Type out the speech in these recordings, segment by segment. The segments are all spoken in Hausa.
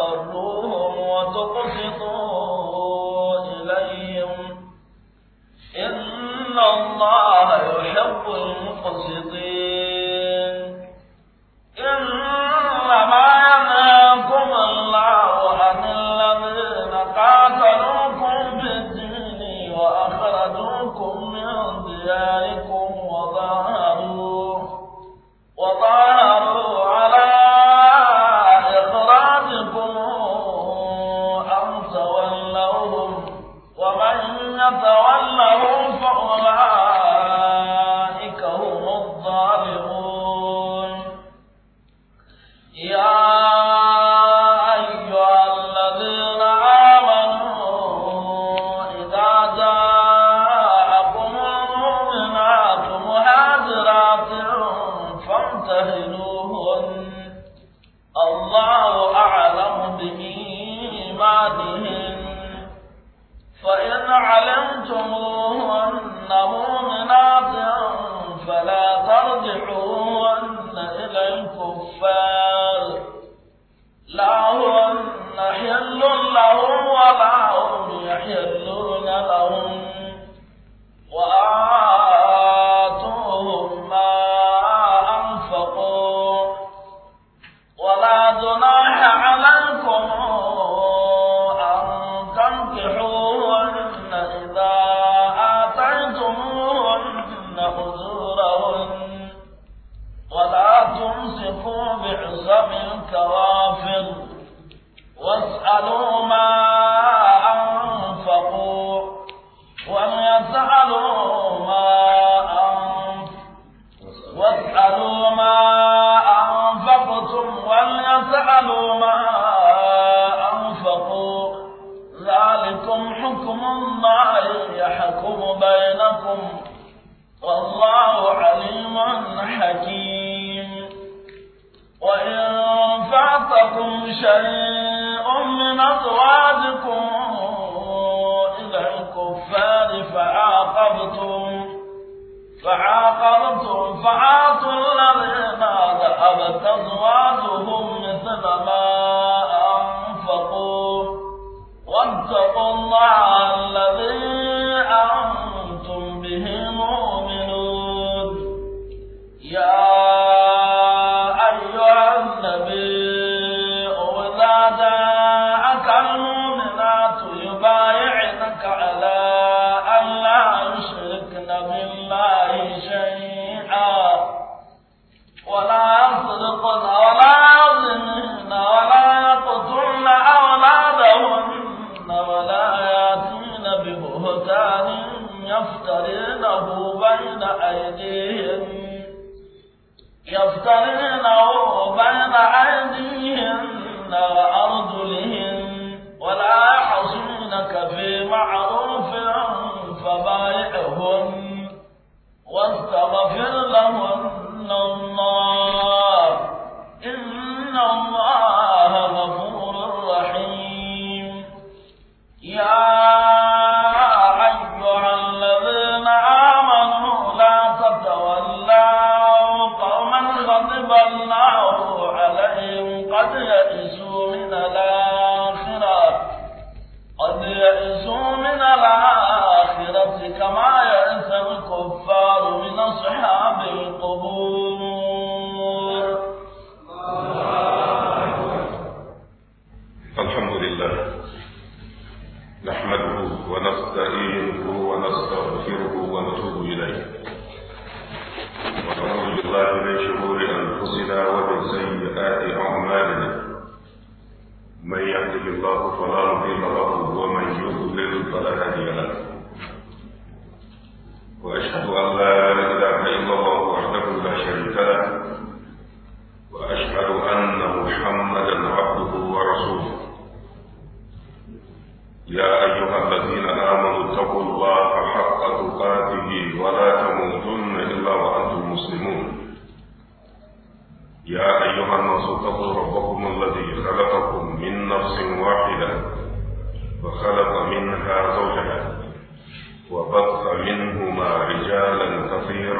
وبروهم وتقسطوا إليهم إن الله يحب المقسطين يلهكم شيء من أزواجكم إلى الكفار فعاقبتم فعاقبتم فعاتوا الذين ذهبت أزواجهم مثل ما أنفقوا واتقوا الله الذي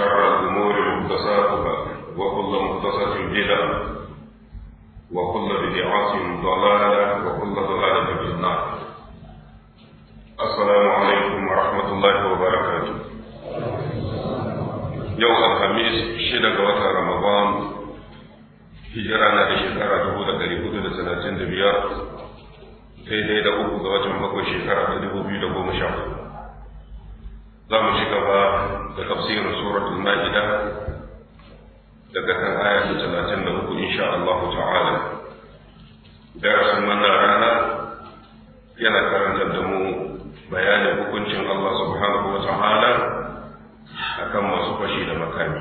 وشر الأمور مختصاتها وكل مختصة بدعة وكل بدعة ضلالة وكل ضلالة في النار السلام عليكم ورحمة الله وبركاته يوم الخميس شدة وتر رمضان hijira na da shekara dubu da ɗari hudu da talatin da biyar daidai da uku ga watan bakwai shekara ta dubu biyu da goma sha hudu za mu ci gaba da tafsirin suratul ma'ida daga kan aya ta talatin da uku insha Allah ta'ala darasin wannan rana yana karanta da mu bayanin hukuncin Allah subhanahu wa ta'ala akan masu fashi da makami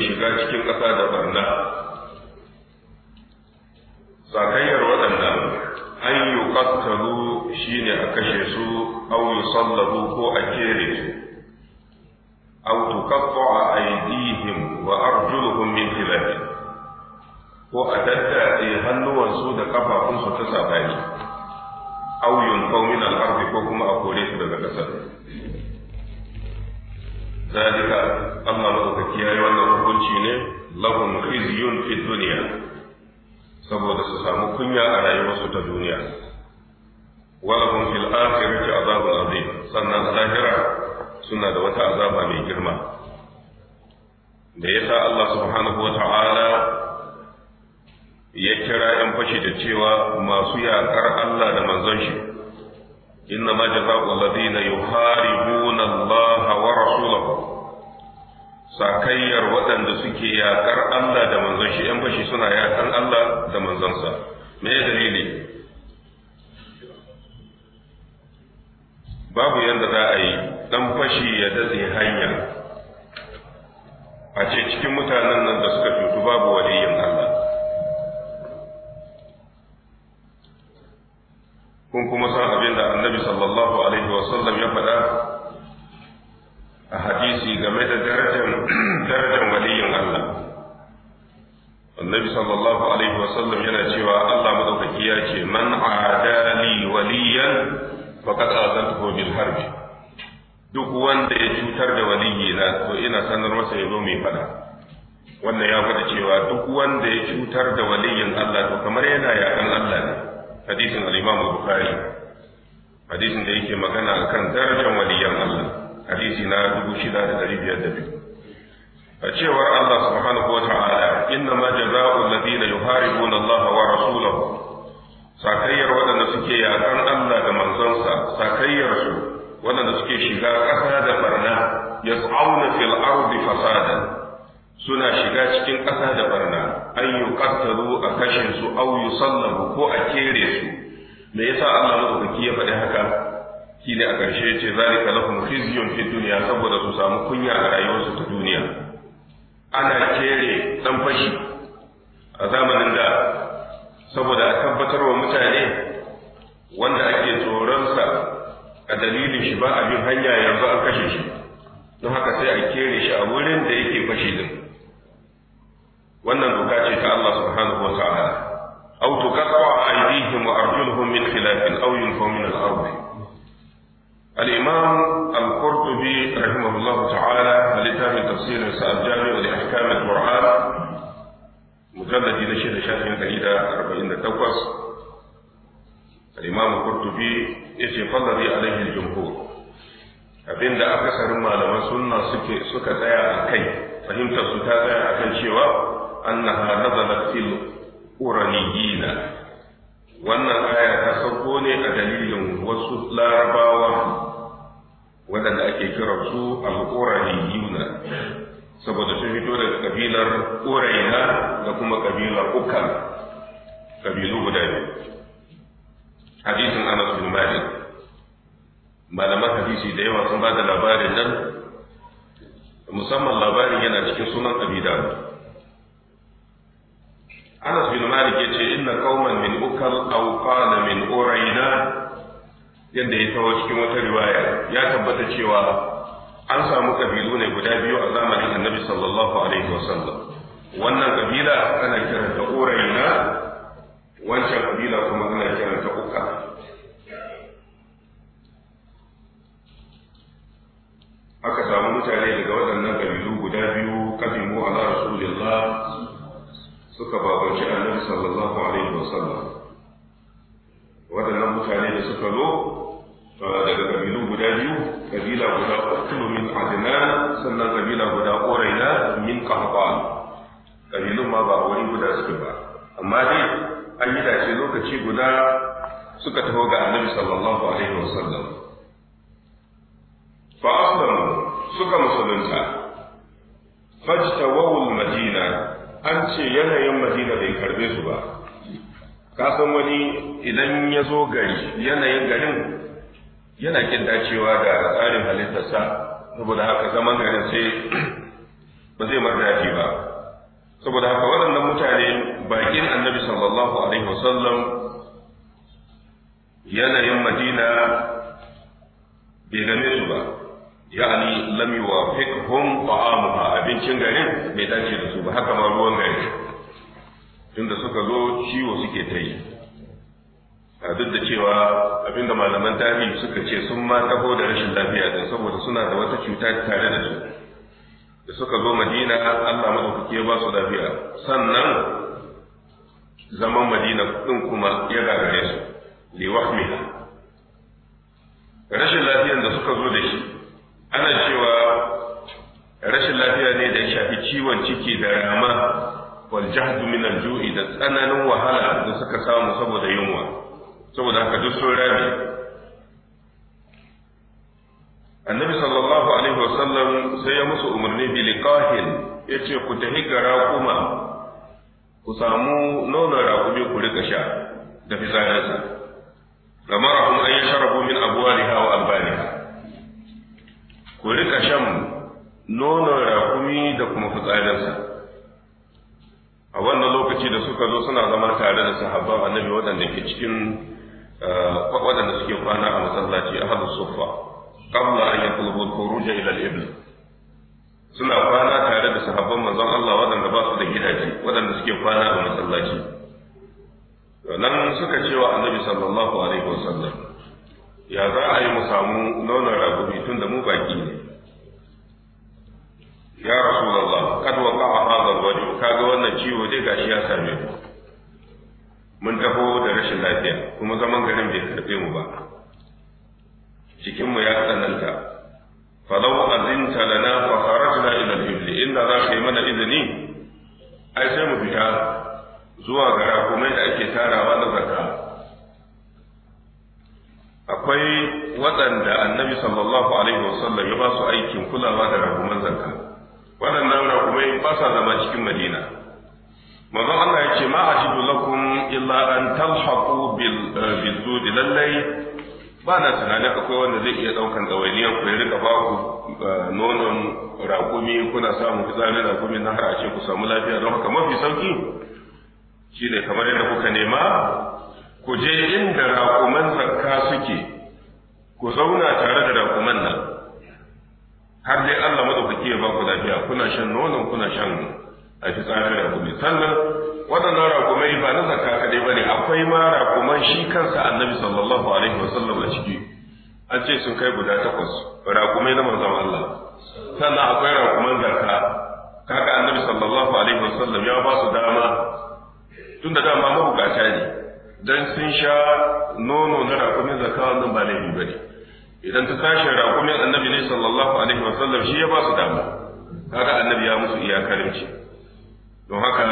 shiga cikin ƙasa da barna sakayyar waɗannan an yi ƙattalu shi ne a kashe su au yi sallabu ko a kere su au tukaffa a aidihim wa arjuluhum min khilafi ko a tattare hannuwansu da ƙafafunsu ta sabani au yunfau al'arfi ko kuma a kore su daga ƙasar zalika Allah ya yi wannan hukunci ne lahum khizyun fi dunya saboda su samu kunya a rayuwarsu ta duniya walahum fil akhirati azabun azim sannan lahira suna da wata azaba mai girma da yasa Allah subhanahu ya kira 'yan fashi da cewa masu yaƙar Allah da manzon shi إنما جزاء الذين يحاربون الله ورسوله sakayyar waɗanda suke yaƙar Allah da manzon shi ‘yan bashi suna yaƙar Allah da manzonsa me ya dalili babu yadda za a yi ɗan fashi ya datse hanya a ce cikin mutanen nan da suka cutu babu waliyin Allah kun kuma san abin da annabi sallallahu alaihi wa sallam ya faɗa a hadisi game da darajar waliyin Allah annabi sallallahu alaihi wa sallam yana cewa Allah madaukaki ya ce man adali waliyan faqad azantuhu bil harb duk wanda ya cutar da na to ina sanar masa ya mai faɗa wannan ya faɗa cewa duk wanda ya cutar da waliyin Allah to kamar yana yakan Allah ne hadisin al-Imam al-Bukhari hadisin da yake magana akan darajar waliyan Allah hadisi na 6502 a cewar Allah subhanahu wa inna ma jazaa'u alladhina yuharibuna Allah wa rasulahu sakayyar waɗanda suke yakan Allah da manzonsa sakayyar su waɗanda suke shiga ƙasa da barna yas'auna fil ardi fasada suna shiga cikin ƙasa da barna an yuqattalu a kashe su aw yusallabu ko a kere su me yasa Allah madaukaki ya faɗi haka ne a ƙarshe ce zalika lahum khizyun fi dunya saboda su samu kunya a rayuwarsu ta duniya ana kere dan fashi a zamanin da saboda a tabbatar wa mutane wanda ake tsoronsa a dalilin shi ba abin hanya yanzu an kashe shi don haka sai a kere shi a wurin da yake fashi din wannan doka ce ta Allah subhanahu wa ta'ala aw tuqatta aydihim wa arjuluhum min khilafin aw yunfaw min al-ard al-imam al-qurtubi rahimahullah ta'ala littafin min tafsir al-jami' li ahkam al-qur'an mujalladi na shida shafin 148 al-imam al-qurtubi yace fadari alaihi al-jumhur abinda akasarin malaman sunna suke suka tsaya a kai ta tsaya a kan cewa annaha nazalat fil uraniyina wannan aya ta sauko ne a dalilin wasu larabawa waɗanda ake kira su al saboda sun fito daga kabilar uraina da kuma kabilar ukal kabilu guda biyu hadisin anas bin malik malaman hadisi da yawa sun ba da labarin nan musamman labarin yana cikin sunan abi Anas bin Malik ya ce inna qauman min ukal aw qala min uraina yanda ya tawo cikin wata riwaya ya tabbata cewa an samu kabilu ne guda biyu a zamanin Annabi sallallahu alaihi wasallam wannan kabila ana kiranta uraina wancan kabila kuma ana kiranta ukal aka samu mutane daga waɗannan kabilu guda biyu mu ala rasulillah suka babanci annabi sallallahu alaihi wasallam waɗannan mutane da suka zo daga kabilun guda biyu kabila guda uku min adnan sannan kabila guda ƙoraina min kahaba kabilun ma ba wani guda suke ba amma dai an yi dace lokaci guda suka taho ga annabi sallallahu alaihi wasallam fa aslamu suka musulunta fajtawawul madina an ce yanayin madina bai karbe su ba kasan wani idan ya zo gari yanayin garin yana kin dacewa da tsarin halittarsa saboda haka zaman garin sai ba zai mar dafi ba saboda haka waɗannan mutane bakin annabi sallallahu alaihi wasallam yanayin madina bai game su ba yani lam yuwafiqhum ta'amuha abincin garin bai dace da su ba haka ma ruwan garin. tunda suka zo ciwo suke ta yi A duk da cewa abin abinda malaman tarihi suka ce sun ma taho da rashin lafiya din saboda suna da wata cuta tare da su da suka zo madina Allah madaukaki ya ba su lafiya sannan zaman madina din kuma ya gagare su liwahmiha rashin lafiyar da suka zo da shi ana cewa rashin lafiya ne da shafi ciwon ciki da rama wal jahdu min al ju'i da tsananin wahala da suka samu saboda yunwa saboda haka duk sun rame annabi sallallahu alaihi wasallam sai ya musu umarni bi liqahin yace ku tahi gara kuma ku samu nonon raƙumi ku rika sha da fitsarinsa lamara kuma an yi sharabu min abuwa wa albaniha ku rika shan nonon rakumi da kuma fitsarinsa a wannan lokaci da suka zo suna zama tare da sahabban annabi waɗanda ke cikin ah, waɗanda suke kwana a masallaci a hadu sufa qabla an yatlubu al-khuruj ila al suna kwana tare da sahabban manzon Allah waɗanda ba su da gidaje waɗanda suke kwana a masallaci nan suka cewa annabi sallallahu alaihi wasallam ya za a yi mu samu launin ragumi tun da mu baki ne ya Allah kad wa qa'a hadha Ka ga wannan ciwo dai gashi ya same mu mun tafi da rashin lafiya kuma zaman garin bai karbe mu ba cikin mu ya tsananta falau azinta lana fa kharajna ila al inda za ka yi mana izini ai sai mu fita zuwa gara kuma da ake tarawa na zakka akwai waɗanda annabi sallallahu alaihi wasallam ya ba su aikin kulawa da raguman zakka waɗannan ragumai ba sa zama cikin madina manzon Allah ya ce ma ajidu lakum illa an talhaqu bil eh, bizud lallai ba na tunanin akwai wanda zai iya ɗaukan ɗawainiyar ku ya rika ba ku eh, nonon raƙumi kuna samun fitsarin raƙumi na har a ce ku samu lafiya don haka mafi sauki shine kamar yadda kuka nema ku je inda raƙuman zakka suke ku zauna tare da raƙuman nan har dai Allah madaukaki ya ba ku lafiya kuna shan nonon kuna shan a da raƙumi sannan waɗannan raƙumai ba na zakka kaɗai ba ne akwai ma raƙuman shi kansa annabi sallallahu alaihi wasallam a ciki an ce sun kai guda takwas raƙumai na manzon Allah sannan akwai raƙuman zakka kaga annabi sallallahu alaihi wasallam ya ba su dama tun da dama mabukata ne dan sun sha nono na raƙumin zaka wannan ba laifi bane idan ta tashi raƙumin annabi ne sallallahu alaihi wa sallam shi ya ba su dama kaga annabi ya musu iyakarinci don haka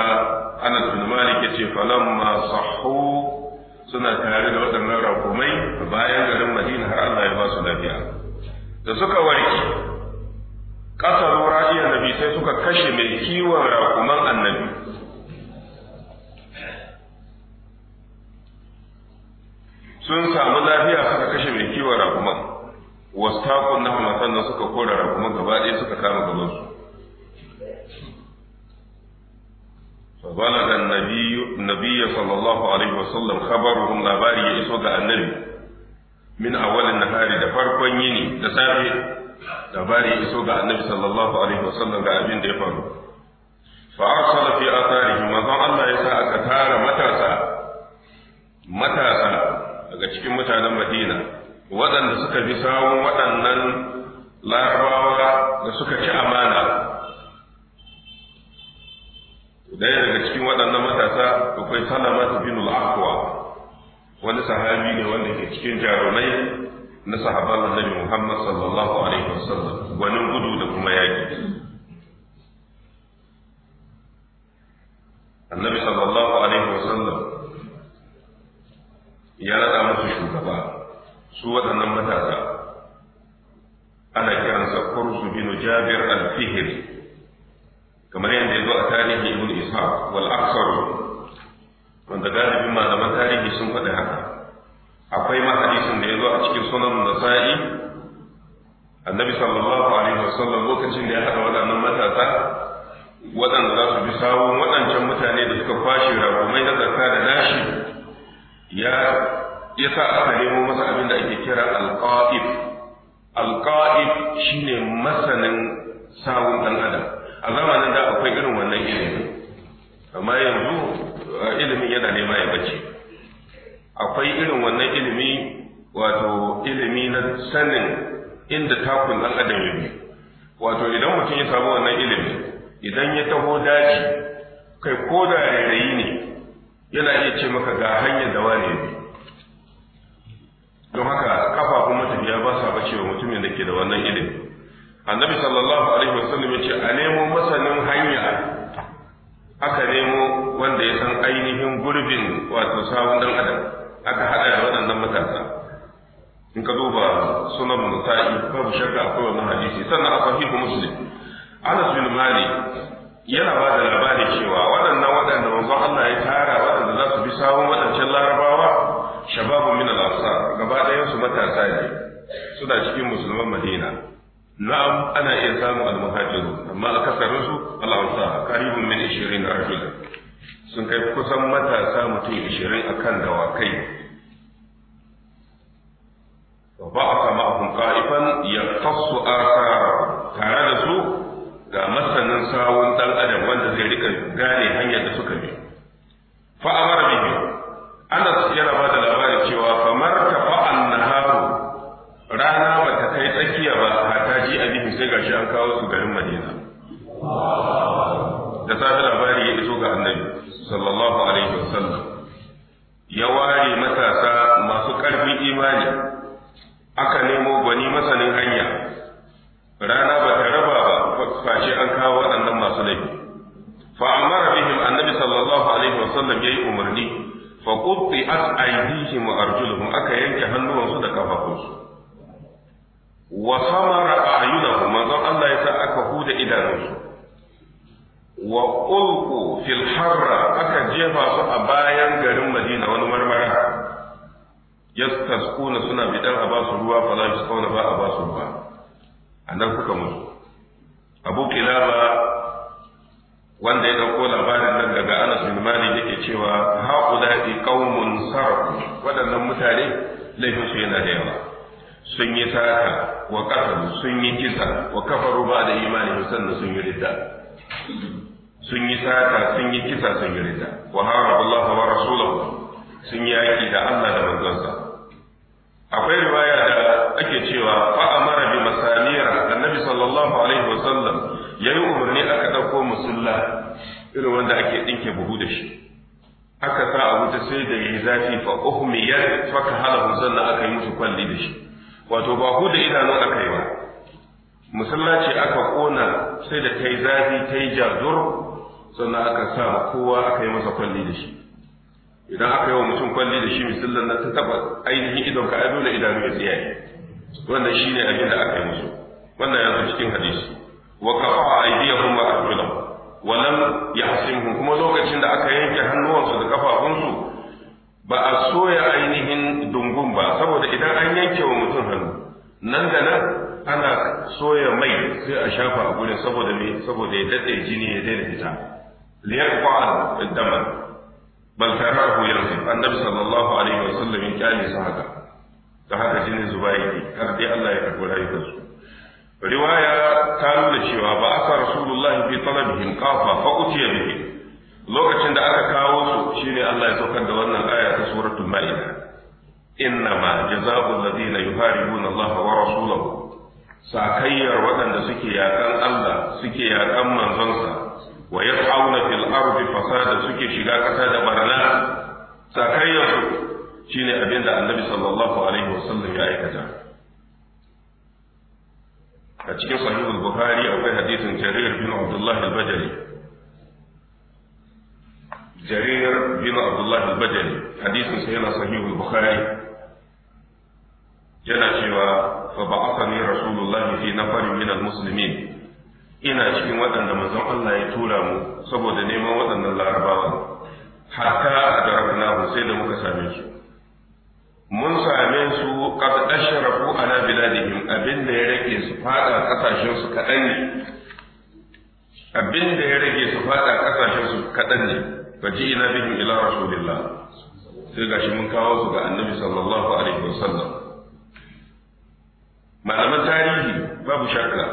ana bin Malik yace falamma sahu suna tare da waɗannan raƙumai bayan garin Madina har Allah ya ba su lafiya da suka warke kasar ra'ayin annabi sai suka kashe mai kiwon raƙuman annabi samu lafiya suka kashe mai kiwon Wasu wastakun na hamatan da suka kora rakuman gaba ɗaya suka kama gabansu فبلغ النبي النبي صلى الله عليه وسلم خبرهم labari ya iso ga annabi min awalin nahari da farkon yini da safe labari ya iso ga annabi sallallahu alaihi wasallam ga abin da ya faru fa arsala fi atharihi manzon Allah ya sa aka tara matasa matasa daga cikin mutanen madina waɗanda suka bi sawun waɗannan larabawa da suka ci amana ɗaya daga cikin waɗannan matasa akwai salama bin al-aqwa wani sahabi ne wanda ke cikin jarumai na sahaban annabi Muhammad sallallahu alaihi wasallam gwanin gudu da kuma yaki annabi sallallahu alaihi wasallam ya rada musu shugaba su waɗannan matasa ana kiransa kursu bin jabir al fihir kamar yadda ya zo a tarihi ibn ishaq wal aksar wanda galibin malaman tarihi sun faɗi haka akwai ma hadisin da ya zo a cikin sunan nasa'i annabi sallallahu alaihi wasallam lokacin da ya haɗa waɗannan matasa waɗanda za su bi sawun waɗancan mutane da suka kwashe rakumai na zakka da nashi ya ya sa aka nemo masa abin da ake kira alqa'ib alqa'ib shine masanin sawun dan adam a zamanin da akwai irin wannan ilimin amma yanzu uh, ilimin yana nema ya bace akwai irin wannan ilimi wato ilimi na sanin inda takun dan adam yake wato idan mutum ya samu wannan ilimi idan ya taho daji kai ko da rairayi ne yana iya ce maka ga hanyar da wane bi don haka kafafun matafiya ba sa bace wa mutumin da ke da wannan ilimi annabi sallallahu alaihi wasallam ya ce a nemo masanin hanya aka nemo wanda ya san ainihin gurbin wato sabon dan adam aka hada da waɗannan matasa in ka duba sunan musa'i babu shakka akwai wannan hadisi sannan a sahihu muslim anas bin malik yana ba da labari cewa waɗannan waɗanda manzon Allah ya tara sawun waɗancan larabawa shababu min al-ansar gaba ɗayan su matasa ne suna cikin musulman madina na'am ana iya samun al-muhajiru amma akasarin su Allah sa qaribun min 20 rajul sun kai kusan matasa mutum 20 akan dawakai وبعث معهم قائفا يقتص آثاره tare da su ga masanin sawun dan adam wanda zai rika gane hanyar da suka bi fa amara bihi Anas yana ba da labarin cewa fa marka fa annaharu rana ba ta kai tsakiya ba ta ji a bihi sai gashi an kawo su garin Madina da safe labari ya iso ga Annabi sallallahu alaihi wasallam ya ware matasa masu ƙarfin imani aka nemo gwani masanin hanya rana ba ta raba ba face an kawo waɗannan masu laifi fa amara sallallahu alaihi wasallam yayi umarni fa qutti as aydihim wa arjuluhum aka yanke hannuwansu da kafafunsu wa samara ayunahum manzon Allah ya sa aka huda idanunsu wa ulqu fil aka jefa su a bayan garin Madina wani marmara yastasquna suna bidan a basu ruwa ba a basu ruwa mutu wanda ya dauko labarin nan daga Anas bin Malik yake cewa fi qaumun sarqu wadannan mutane laifin su yana da yawa sun yi sata wa kafaru sun yi kisa wa kafaru ba da imani sannan sun yi ridda sun yi sata sun yi kisa sun yi ridda wa haraba Allah wa rasulahu sun yaki da Allah da manzonsa akwai riwaya da ake cewa fa amara bi masamira annabi sallallahu alaihi wasallam ya yi umarni aka ɗauko musulla irin wanda ake ɗinke buhu da shi aka sa a wuta sai da yi zafi fa ya faka halahu aka yi musu kwalli da shi wato ba ku da idanu aka yi ba musulla ce aka kona sai da ta yi zafi ta yi jazur sannan aka sa kowa aka yi masa kwalli da shi idan aka yi wa mutum kwalli da shi musullan nan ta taɓa ainihin idon ka ai idanu ya tsiyaye wannan shine abin da aka yi musu wannan yanzu cikin hadisi wa kafa aydiyahum wa arjulahum wa lam yahsimhum kuma lokacin da aka yanke hannuwansu da kafafunsu ba a soya ainihin dungun ba saboda idan an yanke wa mutum hannu nan da nan ana soya mai sai a shafa a gurin saboda ya dade jini ya daina fita liyaqwa dama bal tarahu yanzu annabi sallallahu alaihi wasallam ya kyale su haka da haka jinin zuba yake har dai Allah ya karɓi rayukansu riwaya ta nuna cewa ba aka rasulullahi fi talabihim qafa fa utiya bihi lokacin da aka kawo su shine Allah ya saukar da wannan aya ta suratul maida innama jazaa'u alladhina yuharibuna Allah wa rasulahu sakayyar waɗanda suke yakan Allah suke yakan manzonsa wa yas'auna fil ardi da suke shiga ƙasa da barna sakayyar su shine abinda annabi sallallahu alaihi wasallam ya aikata a cikin al bukhari akwai hadisin jarir bin abdullah al-bajali jarir bin abdullah al-bajali hadisin sa yana bukhari yana cewa fa ba'athani rasulullahi fi nafarin min al-muslimin ina cikin waɗanda manzon Allah ya tura mu saboda neman waɗannan larabawa hatta a sai da muka same su mun same su qad ashrafu ala biladihim abin da ya rage su fada kasashen su kadan ne abin da ya rage su fada kasashen su kadan ne faji ina bihim ila rasulillah sai gashi mun kawo su ga annabi sallallahu alaihi wasallam malaman tarihi babu shakka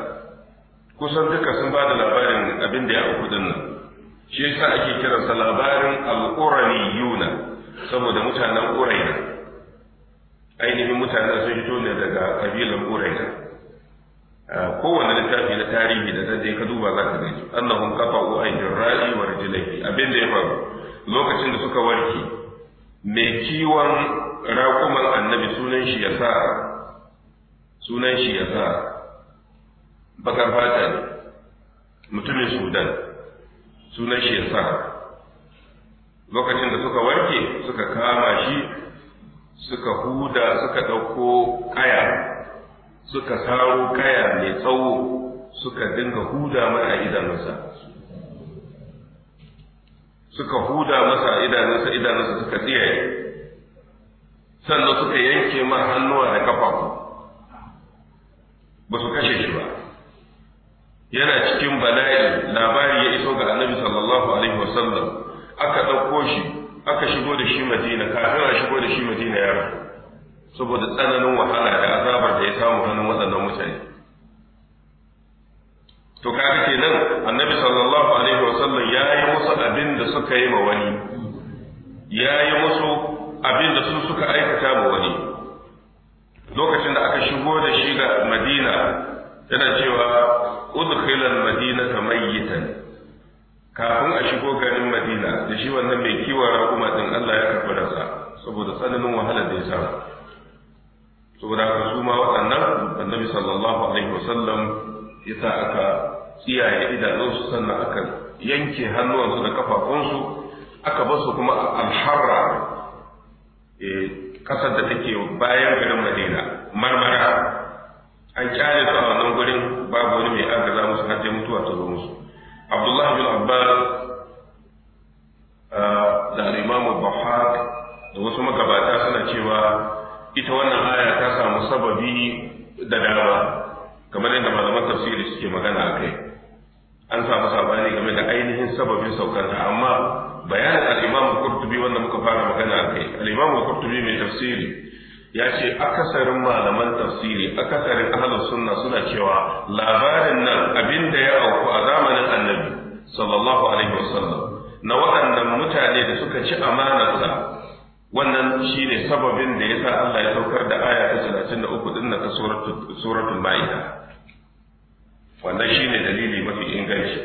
kusan duka sun ba da labarin abin da ya auku dinnan shi yasa ake kiransa labarin al-quraniyuna saboda mutanen quraina ainihin mutanen sun fito ne daga kabilan ƙuraita kowane littafi na tarihi da zai ka duba za ka gani annahum qafa'u aydin ra'i wa rijlaihi abin da ya faru lokacin da suka warke mai kiwon raƙuman annabi sunan shi sa sunan shi sa bakar fata ne mutumin sudan sunan shi ya sa. lokacin da suka warke suka kama shi suka huda suka ɗauko kaya suka saro kaya mai tsawo suka dinga huda mana a idanunsa suka huda masa a idanunsa idanunsa suka tsiyaye sannan suka yanke ma hannuwa da kafafu ba su kashe shi ba yana cikin bala'i labari ya iso ga annabi sallallahu alaihi wasallam aka ɗauko shi aka shigo da shi madina kafin da ya saboda tsananin wahala da azabar da ya samu hannun waɗannan mutane to kaga kenan annabi sallallahu alaihi wa sallam ya yi musu abin da suka yi ma wani ya yi musu abin da su suka aikata ma wani lokacin da aka shigo da shi ga madina yana cewa udkhilal madinata mayyitan kafin a shigo garin madina da shi wannan mai kiwon raƙuma din Allah ya karɓi rasa saboda tsananin wahalar da ya samu saboda haka su ma waɗannan annabi sallallahu alaihi wasallam ya sa aka tsiyaye idanunsu sannan aka yanke hannuwansu da kafafunsu aka basu kuma alharra eh, ƙasar da take bayan garin madina marmara an kyale su a wannan gurin babu wani mai agaza musu har dai mutuwa ta zo musu abdullahi bin abbas eh, da al-imamu bahaq wasu magabata suna cewa ita wannan aya ta samu sababi da dama kamar yadda malaman tafsiri suke magana a kai an samu sabani game da ainihin sababin saukarta amma bayanin al-imam wanda muka fara magana a kai al-imam mai tafsiri ya ce akasarin malaman tafsiri akasarin ahalar sunna suna cewa labarin nan abinda ya auku a zamanin annabi sallallahu alaihi wasallam na waɗannan mutane da suka ci amanarsa wannan ne sababin da ya sa Allah ya saukar da aya ta 33 uku na suratul suratul maida wannan ne dalili mafi inganci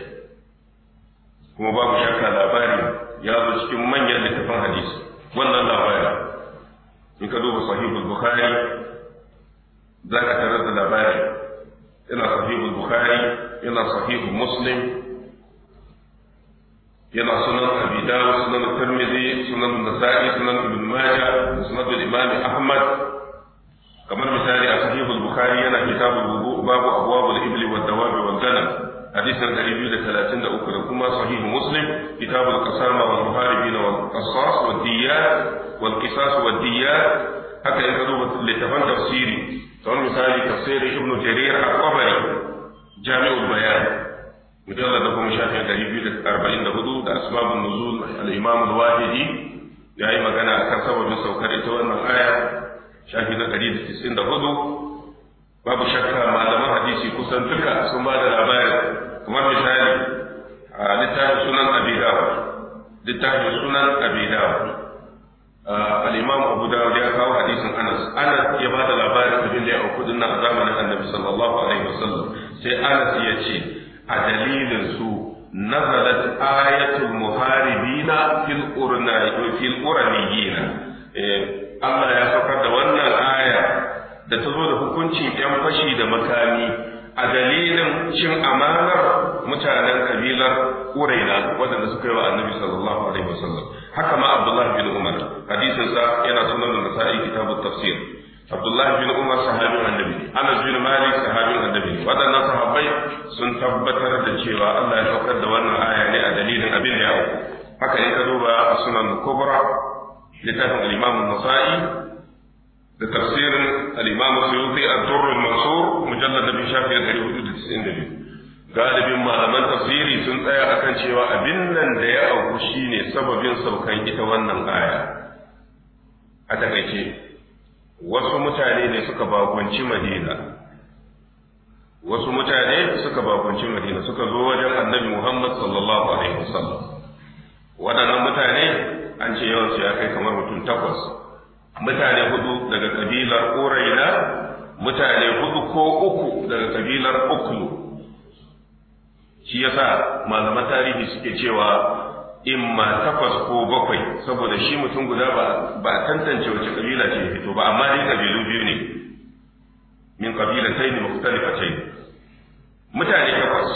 kuma babu shakka labari ya zo cikin manyan littafin hadisi wannan labari in ka duba sahihul bukhari zaka tarar da labari ina sahihul bukhari ina sahihul muslim yana sunan abi dawud sunan tirmidhi sunan nasa'i sunan ibn majah sunan imam ahmad kamar misali a sahihul bukhari yana kitabul wudu babu abwabul ibli wad dawabi wal ganam hadisin 233 da kuma sahihu muslim kitabul qasama wal muharibin wal qasas wad diyat wal qisas wad diyat haka in ka duba littafan tafsiri kamar misali tafsirin ibnu jarir al-qabari jami'ul bayan mujallar da kuma shafin ɗari biyu da arba'in da hudu da asbabun nuzul al'imamu al-wahidi ya yi magana a kan sababin saukar ita wannan aya shafi na ɗari da tisin da hudu babu shakka malaman hadisi kusan duka sun ba da labarin kamar misali a littafin sunan abi littafin sunan abi dawud al abu dawud ya kawo hadisin anas anas ya ba da labarin abin da ya auku na a zamanin annabi sallallahu alaihi sai anas ya ce a dalilin su nazalat ayatul muharibina fil urna fil uraniyina eh, Allah ya saukar da wannan aya da ta zo da hukuncin yan fashi da makami a dalilin cin amanar mutanen kabilar ƙuraina. waɗanda suka yi wa Annabi sallallahu alaihi wasallam haka ma Abdullah bin Umar hadisin sa yana da Nasa'i kitabut tafsir Abdullahi bin Umar sahabin annabi ne, Anas bin Malik sahabin annabi ne, waɗannan sahabbai sun tabbatar da cewa Allah ya saukar da wannan aya ne a dalilin abin da ya auku. Haka in ka duba a sunan Kubra, littafin al-Imam Nasa'i da tafsirin al-Imam Suyuti ad-Durrul Mansur mujallad da shafi 492. Galibin malaman tafsiri sun tsaya akan cewa abin nan da ya auku shine sababin saukan ita wannan aya. A takaice, wasu mutane ne suka bakunci madina wasu mutane suka bakunci madina suka zo wajen annabi muhammad sallallahu alaihi wasallam waɗannan mutane an ce su ya kai kamar mutum takwas mutane hudu daga kabilar ƙuraina mutane hudu ko uku daga kabilar uklu shi yasa malaman tarihi suke cewa imma takwas ko bakwai saboda shi mutum guda ba tantance wace kabila ce fito ba amma dai kabilu biyu ne min kabilatai ne mukhtalifatai mutane takwas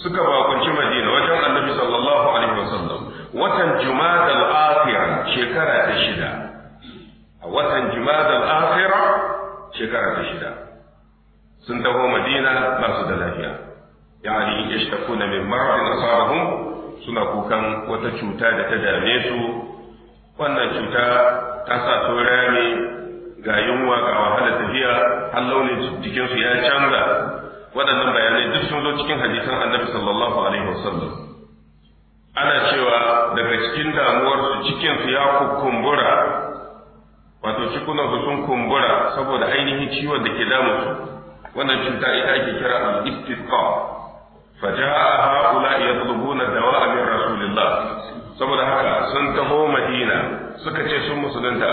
suka bakunci madina wajen annabi sallallahu alaihi wasallam watan jumada al-akhira shekara ta shida a watan jumada al-akhira shekara ta shida sun taho madina ba su da lafiya yani yashtakuna min maradin asabahum suna kukan wata cuta da ta dame su wannan cuta ta sa su rami ga yunwa ga wahala tafiya har launin jikinsu ya canza waɗannan bayanai duk sun zo cikin hadisan annabi sallallahu alaihi wasallam ana cewa daga cikin damuwarsu cikinsu ya kumbura. wato cikunansu sun kumbura saboda ainihin ciwon da ke damu wannan cuta ita ake kira al-istisqa فجاء هؤلاء يطلبون الدواء من رسول الله saboda haka sun taho madina suka ce sun musulunta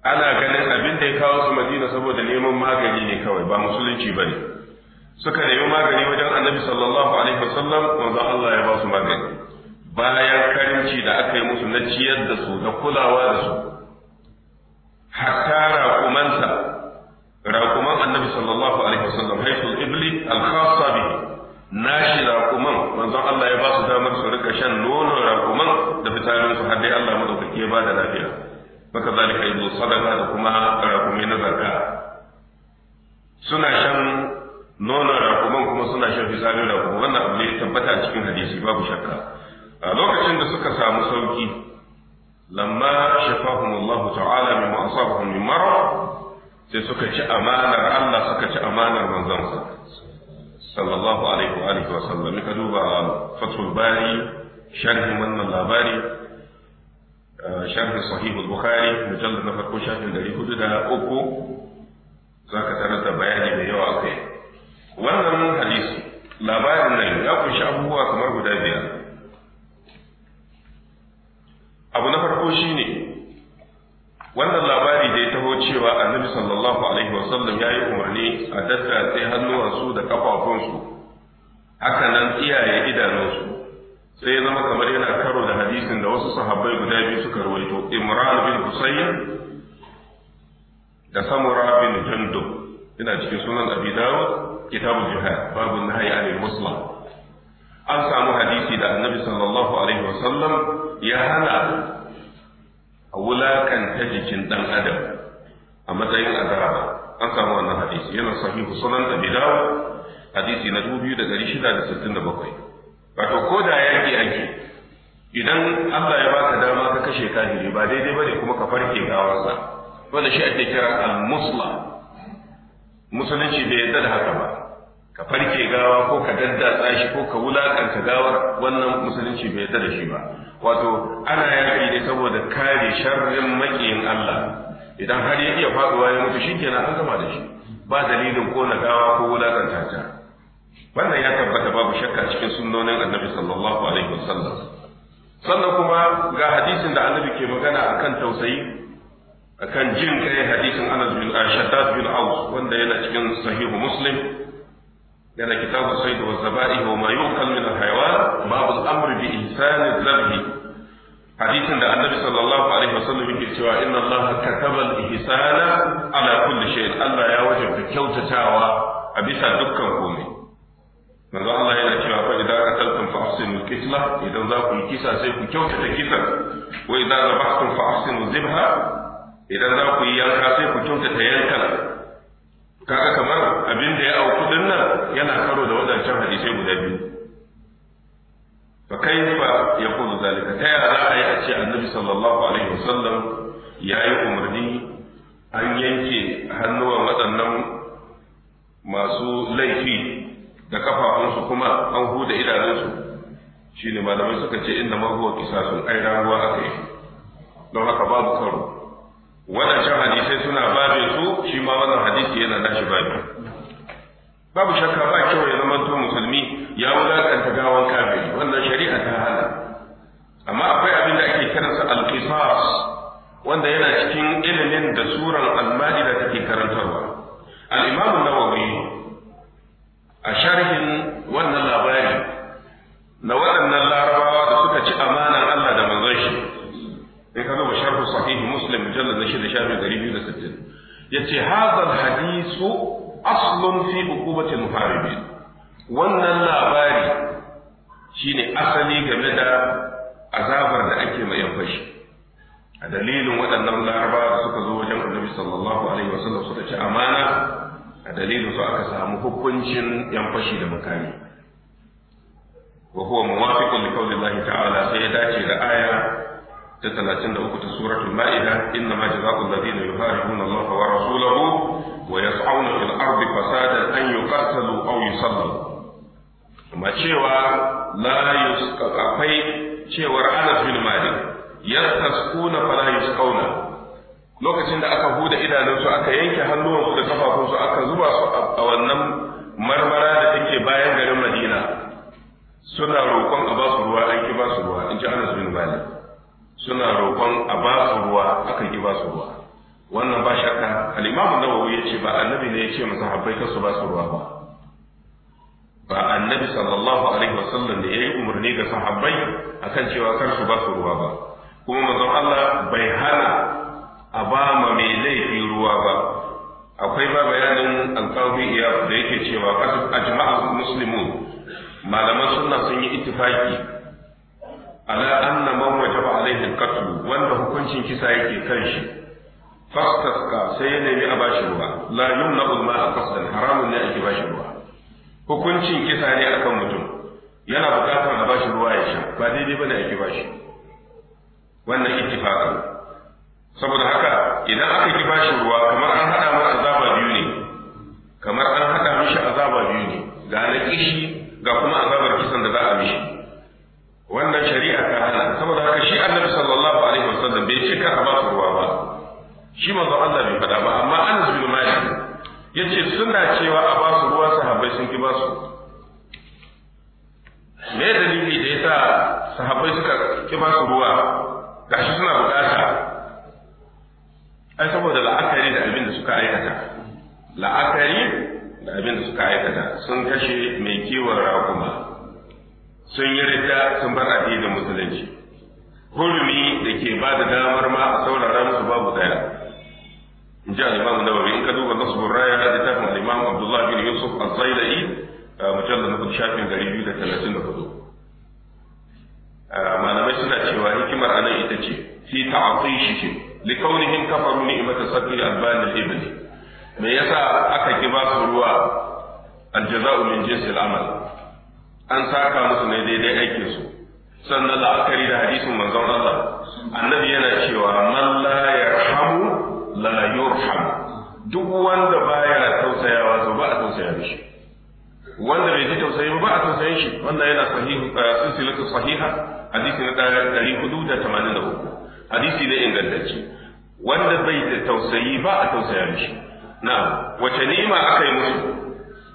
ana ganin abin da ya kawo su madina saboda neman magani ne kawai ba musulunci ba ne suka nemi magani wajen annabi sallallahu alaihi wasallam manzo Allah ya ba su magani bayan karinci da aka yi musu na ciyar da su da kulawa da su manzon Allah ya ba su damar su rika shan nonon rakuman da fitarin su har dai Allah madaukake ya ba da lafiya maka zalika yanzu sadaka da kuma rakumai na zarka suna shan nonon rakuman kuma suna shan fitarin rakuman wannan abu ne tabbata cikin hadisi babu shakka a lokacin da suka samu sauki lamma shafahum Allah ta'ala mimma asabahum min marad sai suka ci amanar Allah suka ci amanar manzon sa sallallahu alaihi wa alihi wa sallam ka duba fathul bari sharhin wannan labari eh, sharhin sahih al-bukhari mujallad na farko shafin 403 zaka tarar da bayani mai yawa akai wannan hadisi labarin nan ya kunshi abubuwa kamar guda biyar abu na farko shine wannan labari da ya taho cewa annabi sallallahu alaihi wasallam ya yi umarni a daddatse hannuwansu da kafafunsu haka nan iyaye idanunsu sai ya zama kamar yana karo da hadisin da wasu sahabbai guda biyu suka rawaito imran bin husayn da samura bin jundub ina cikin sunan abi dawud kitabul jihad babu nahyi anil muslim an samu hadisi da annabi sallallahu alaihi wasallam ya hana a wulakanta jikin dan adam a matsayin azaba an samu wannan hadisi yana sahihu sunan abi dawud hadisi na 2667 wato ko da yaki ake idan Allah ya baka dama ka kashe kafiri ba daidai bane kuma ka farke gawarsa wanda shi ake kira al-musla musulunci bai yadda da haka ba ka farke gawa ko ka daddatsa shi ko ka wulakanta gawa wannan musulunci bai yarda da shi ba wato ana yaƙi ne saboda kare sharrin maƙiyin Allah idan har ya iya faɗuwa ya mutu shikenan an gama da shi ba dalilin ko na gawa ko wulakanta ta wannan ya tabbata babu shakka cikin sunnonin annabi sallallahu alaihi wasallam sannan kuma ga hadisin da annabi ke magana akan tausayi akan jin kai hadisin Anas bin Shaddad bin Aus wanda yana cikin sahihu Muslim yana kitabu sai da wazaba'i wa ma yuqal min al-hayawan babu al-amr bi hadisin da annabi sallallahu alaihi wasallam yake cewa inna Allah kataba al-ihsana ala kulli Allah ya wajabta kyautatawa a bisa dukkan komai manzo Allah yana cewa fa idan qataltum fa ahsinu idan za ku yi kisa sai ku kyautata kisa zibha idan za ku yi yanka sai ku kyautata yanka. kaga kamar abin da ya auku din nan yana karo da wadancan hadisai guda biyu fa kaifa yaqulu zalika ta yaya za a yi a ce annabi sallallahu alaihi wasallam ya yi umarni an yanke hannuwan waɗannan masu laifi da kafafunsu kuma an huda idanunsu shine malamai suka ce inna ma huwa qisasun ai ramuwa akai don haka babu karo waɗancan hadisai suna babe su shi ma wannan hadisi yana nashi babe babu shakka ba kyau ya zama to musulmi ya wulakanta gawan kafiri wannan shari'a ta hana amma akwai abin da ake kiransa alqisas wanda yana cikin ilimin da suran almadi da take karantarwa al-imam an-nawawi a sharhin wannan labari na waɗannan larabawa da suka ci amanan Allah da manzon shi ka zo sahihi Mujalla mujallad na shida shafi ɗari biyu da sittin ya ce hazal hadisu aslun fi hukumatin muharibin wannan labari shine asali game da azabar da ake ma yan fashi a dalilin waɗannan laraba da suka zo wajen annabi sallallahu alaihi wasallam suka ci amana a dalilin su aka samu hukuncin yan fashi da makami wa huwa muwafiqun li qawli Allah ta'ala sai ya dace da aya ta 33 ta suratul ma'ida inna ma jazaa'ul ladina yuharibuna Allah wa rasulahu wa yas'auna fil ardi fasadan an yuqatalu aw yusallabu amma cewa la yusqa akwai cewar Anas lokacin da aka huda idanunsu aka yanke hannuwansu da kafafunsu aka zuba su a wannan marmara da take bayan garin Madina suna roƙon a ba su ruwa an ki ba su ruwa in ji Anas bin Malik suna roƙon a ba su ruwa akan ki ba su ruwa wannan ba shakka al-imamu nawawi yace ba annabi ne yace masa habbai kasu ba su ruwa ba ba annabi sallallahu alaihi wasallam ne yayi umarni ga sahabbai akan cewa kar su ba su ruwa ba kuma manzon Allah bai hana a ba ma mai laifi ruwa ba akwai ba bayanin alƙawmi iya da yake cewa ajma'ul muslimun malaman sunna sun yi ittifaqi ala anna man wajaba alaihi alqatl wanda hukuncin kisa yake kan shi fastaska sai ya nemi a bashi ruwa la yumna ulma qasdan haramun ne ake bashi ruwa hukuncin kisa ne akan mutum yana bukatar a bashi ruwa ya sha ba daidai bane ake bashi wannan ittifaqa saboda haka idan aka ki bashi ruwa kamar an hada masa azaba biyu ne kamar an hada mishi azaba biyu ne ga na kishi ga kuma azabar kisan da za a mishi wannan shari'a ta hana saboda haka shi annabi sallallahu alaihi wasallam bai ce kar a ba ruwa ba shi manzo Allah bai faɗa ba amma Anas bin Malik yace suna cewa a ba su ruwa sahabbai sun ki ba su me dalili da yasa sahabbai suka ki ba su ruwa gashi suna bukata ai saboda la'akari da abin da suka aikata la'akari da abin da suka aikata sun kashe mai kiwon raƙuma sun yi ridda sun bar addinin musulunci hurumi da ke ba da damar ma a saurara musu babu daya in ji al-imam nawawi in ka duba nasbur raya da littafin al-imam abdullah bin yusuf az-zailai mujallad na kudu shafin gari biyu da talatin da hudu malamai suna cewa hikimar a nan ita ce fi ta'atishihim li kaunihim kafaru ni'mata sabbi al-bani al-ibli me yasa aka ki ba su ruwa al-jaza'u min jinsi al an saka musu ne daidai aikin su sannan la'akari da hadisin manzon Allah annabi yana cewa man la yarhamu la yurham duk wanda baya tausayawa to ba a tausaya mishi wanda bai ji tausayi ba a tausayin shi wannan yana sahihu eh, silsilatu sahiha hadisi na 483 hadisi ne ingantacce wanda bai da tausayi ba a tausaya mishi na wace ni'ima aka yi musu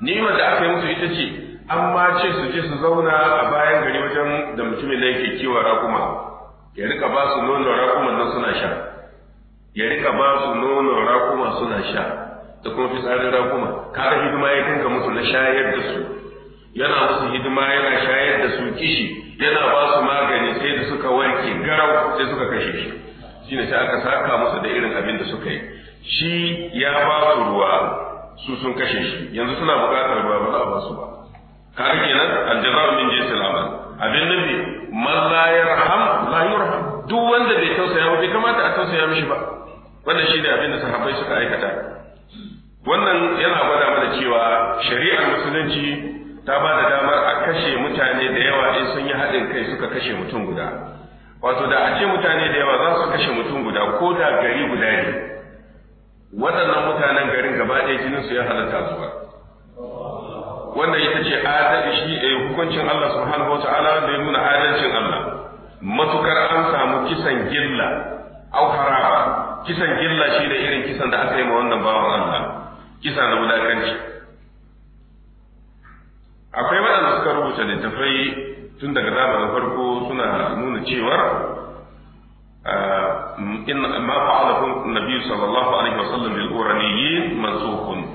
ni'imar da aka yi musu ita ce an ce su je su zauna a bayan gari wajen da mutumin da yake kiwon rakuma ya rika ba su nono rakuman nan suna sha ya rika ba su nono rakuma suna sha da kuma fitsarin rakuma kare hidima ya dinga musu na shayar da su yana musu hidima yana shayar da su kishi yana ba su magani sai da suka wanke garau sai suka kashe shi shine sai aka saka musu da irin abin da suka yi shi ya ba su ruwa su sun kashe shi yanzu suna buƙatar ruwa ba za a ba su ba kaga kenan aljaza'u min jinsi al'amal abin nabi man la yarham la yurham duk wanda bai tausaya ba bai kamata a tausaya mishi ba wannan shine abin da sahabbai suka aikata wannan yana gwada mana cewa shari'ar musulunci ta ba da damar a kashe mutane da yawa in sun yi haɗin kai suka kashe mutum guda wato da a ce mutane da yawa za su kashe mutum guda ko da gari guda ne waɗannan mutanen garin gaba ɗaya jinin su ya halatta zuwa wannan ita ce adali shi a eh, hukuncin Allah subhanahu wa ta'ala da ya nuna adalcin Allah matukar an samu kisan gilla au haraba kisan gilla shi da irin kisan da aka yi ma wannan bawan Allah kisa na wulakanci akwai waɗanda suka rubuta littattafai tun daga zamanin farko suna nuna cewar ah, in ma fa'ala kun nabi sallallahu alaihi wasallam bil uraniyin mansukun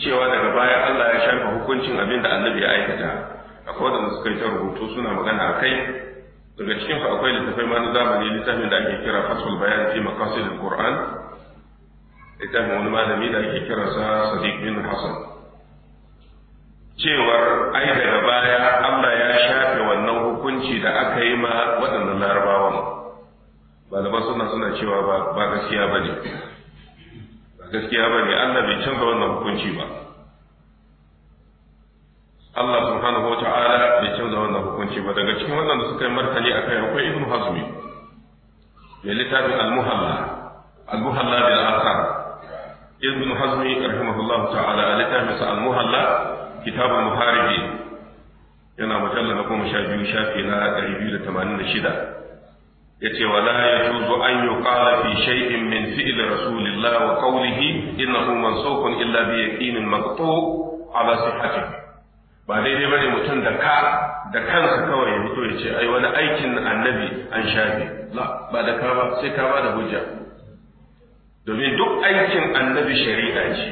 cewa daga baya Allah ya shafe hukuncin abin da annabi ya aikata akwai wanda suka yi ta rubutu suna magana a kai daga cikin fa akwai littafai ma na zamani littafin da ake kira fasul bayan fi maqasid al-Qur'an littafin wani malami da ake kira sa Sadiq bin Hassan cewar ai daga baya Allah ya shafe wannan hukunci da aka yi ma waɗannan larabawan malaman suna suna cewa ba gaskiya ba ne gaskiya ba ne Allah bai canza wannan hukunci ba Allah subhanahu wata'ala bai canza wannan hukunci ba daga cikin wannan da suka yi martani akai akwai ibnu hazmi da littafin al-muhalla al-muhalla bil asar ibnu hazmi rahimahullahu ta'ala littafin sa al-muhalla kitab muharibi yana mujallal na goma sha biyu shafi na ɗari biyu da tamanin da shida Ya yace wala yajuzu an yuqala fi shay'in min fi'l rasulillah wa qawlihi innahu mansukun illa bi yaqinin maqtu ala sihhatihi ba daidai bane mutum da ka da kansa kawai ya mutu ya ce ai wani aikin annabi an shafe la ba da ka ba sai ka ba da hujja domin duk aikin annabi shari'a ce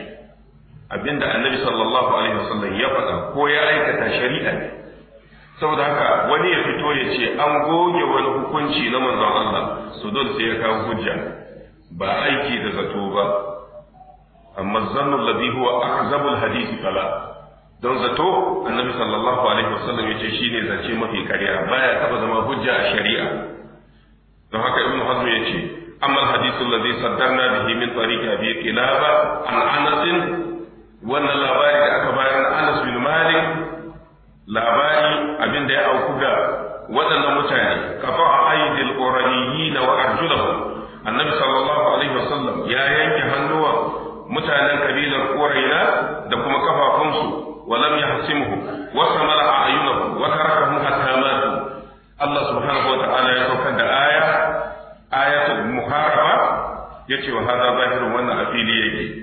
abinda annabi sallallahu alaihi wasallam ya faɗa ko ya aikata shari'a ne saboda haka wani ya fito ya ce an goge wani hukunci na manzon Allah su sai ya kawo hujja ba aiki da zato ba amma zannu ladhi huwa ahzabul hadisi kala don zato annabi sallallahu alaihi wasallam ya ce shine zace mafi kariya baya taba zama hujja a shari'a don haka ibnu hazm ya ce amma hadithu alladhi saddarna bihi min tariqi abi kilaba an anas wannan labari da aka bayar Anas bin Malik Labari, abin da ya auku ga waɗannan mutane kafa a aidil quraniyi na wa annabi sallallahu alaihi wasallam ya yanke hannuwan mutanen kabilar ƙoraina da kuma kafafunsu walam yahsimuhu wa samala a'yunahum wa tarakahum hatta matu Allah subhanahu wa ya saukar da aya ayatul muharaba yace wa hada zahirun wannan afili yake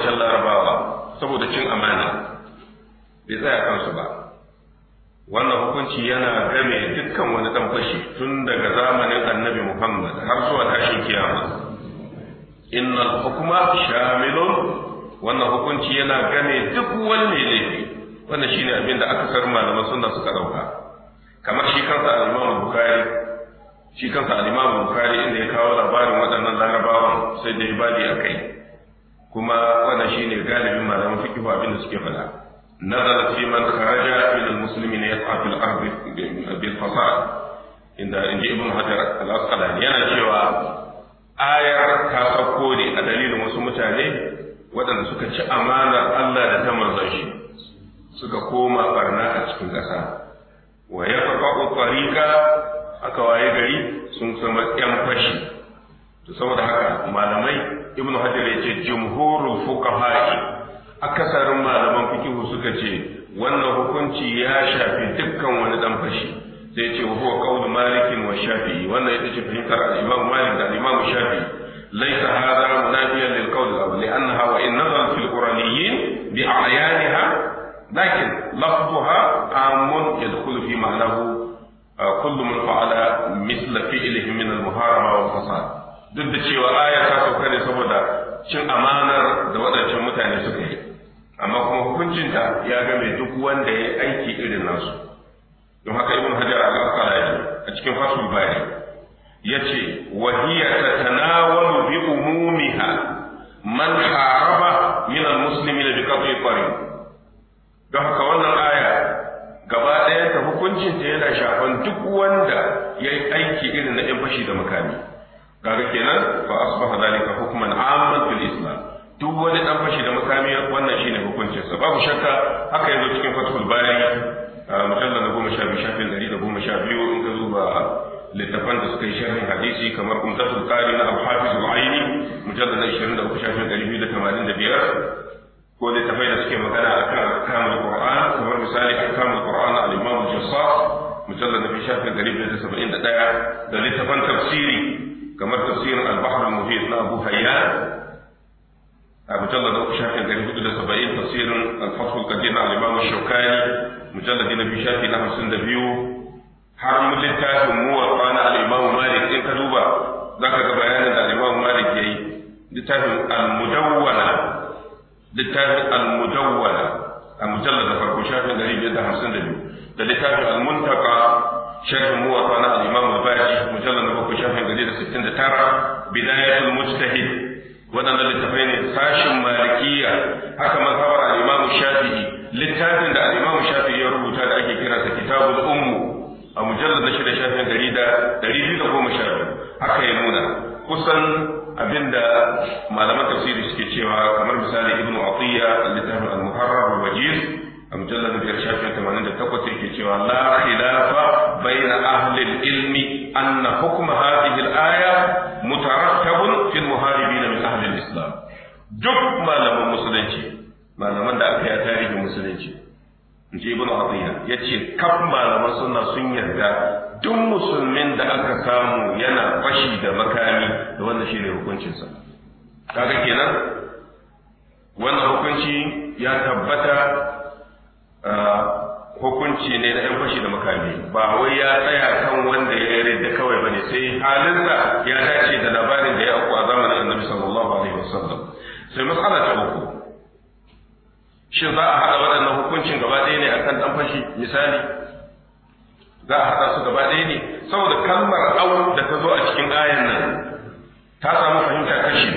ƙasashen larabawa saboda cin amana bai tsaya kansu ba wannan hukunci yana game dukkan wani dan fashi tun daga zamanin annabi muhammad har zuwa tashin kiyama innal hukma shamilun wannan hukunci yana game duk wanne laifi wannan shine abin da aka sar malaman sunna suka dauka kamar shi kansa al-imam bukhari shi kansa al-imam bukhari inda ya kawo labarin waɗannan larabawan sai da ya bari akai kuma wannan shine galibin malaman fiqh abin da suke faɗa nazalat fi man kharaja min almuslimin yaqa fil ardi bil fasad inda inji ibn hajar al-asqalani yana cewa ayar ta sauko ne a dalilin wasu mutane waɗanda suka ci amanar Allah da ta manzon shi suka koma barna a cikin ƙasa wa ya faƙa tsarika aka waye gari sun zama 'yan fashi to saboda haka malamai ibnu hajar ya ce jumhurul fuqaha'i akasarin malaman fikihu suka ce wannan hukunci ya shafi dukkan wani dan fashi sai ce wa huwa qawlu malikin wa shafi'i wannan ita ce fahimtar al-imam malik da al-imam shafi'i laysa hadha munafiyan lil qawl al-awwal li'annaha wa in nazala fil quraniyyin bi a'yaniha lakin lafzuha amun yadkhulu fi ma'nahu kullu man fa'ala mithla fi'lihi min al-muharama wal fasad duk da cewa aya ta sauka ne saboda cin amanar da waɗancan mutane suka yi amma kuma hukuncinta ya game duk wanda ya aiki irin nasu don haka ibn hajar al-asqalani a cikin fasul Ya ce, wahiya ta tatanawalu bi umumiha man haraba min al da duka bai kwari don haka wannan aya gaba ɗaya ta hukuncinta yana shafan duk wanda ya yi aiki irin na 'yan fashi da mukami. kaga kenan fa asbaha zalika hukman amman fil islam duk wani dan fashi da makami wannan shine hukuncin sa babu shakka haka yazo cikin fathul bari mujallal na goma sha biyu shafin ɗari da goma sha biyu in ka zuba littafan da suka yi sharhin hadisi kamar umtatul qari na al-hafiz al-aini mujallal na 23 shafin 285 ko littafai da suke magana a kan ahkamul qur'an kamar misali ahkamul qur'an al imam al-jassas mujallad na fi shafin 171 da littafan tafsiri kamar tafsirin al-bahr al-muhit na Abu Hayyan a mujallad na shafin ɗari hudu da saba'in tafsirin al-fath al-qadim na al-imam shaukani mujallad na biyu shafi na hamsin da biyu har mu littafin muwatta na al-imam malik in ka duba zaka ga bayanin da al-imam malik yayi littafin al-mudawwana littafin al-mudawwana a mujallad na farko shafin ɗari biyar da hamsin da biyu da littafin al-muntaka sharhin muwatta na al-imam mujallar na bakwai shafin gari da sittin da tara bidayatul mujtahid waɗannan littafai ne sashin malikiya haka mazhabar al-imamu shafi'i littafin da al-imamu ya rubuta da ake kira sa kitabul ummu a mujallar na shafin da ɗari da goma sha haka ya nuna kusan abinda malaman tafsiri suke cewa kamar misali ibnu littafin al a mujallar biyar shafin tamanin da takwas cewa ilmi أن حكم هذه الآية مترتب في المهاجرين من أهل الإسلام duk malaman musulunci malaman da aka yi a tarihin musulunci je ibn ya ce kaf malaman sunna sun yarda duk musulmin da aka samu yana fashi da makami da wannan shine hukuncinsa kaga kenan wannan hukunci ya tabbata hukunci ne na 'yan fashi da makami ba wai ya tsaya kan wanda ya yi da kawai ba ne sai halinsa ya dace da labarin da ya auku a zamanin annabi sallallahu alaihi wasallam sai matsala ta uku shin za a haɗa waɗannan hukuncin gaba ɗaya ne akan ɗan fashi misali za a haɗa su gaba ɗaya ne saboda kalmar au da ta zo a cikin ayan nan ta samu fahimta kashi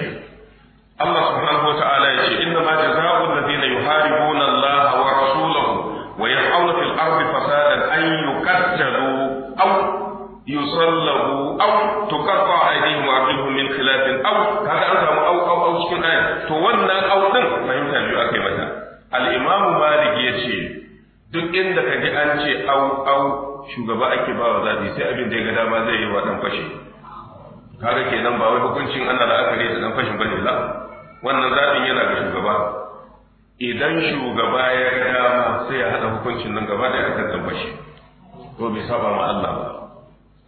Allah subhanahu wa ta'ala ya ce inna ma jazaa'u alladhina yuharibuna Allah الأرض فسادا an yuqattalu aw يصلوا aw tuqatta aydihim wa من خلاف أو aw kaga an samu aw aw aw cikin أو to wannan aw din الإمام biyu akai mata al-imamu yace duk inda ji an ce aw aw shugaba ake bawa zabi sai abin da ya ga dama zai yi wa dan fashi kaga kenan ba wai hukuncin Allah da da dan fashin bane la wannan zabin yana ga shugaba idan shugaba ya ga dama sai ya hada hukuncin nan gaba da akan shi, ko bai saba ma Allah ba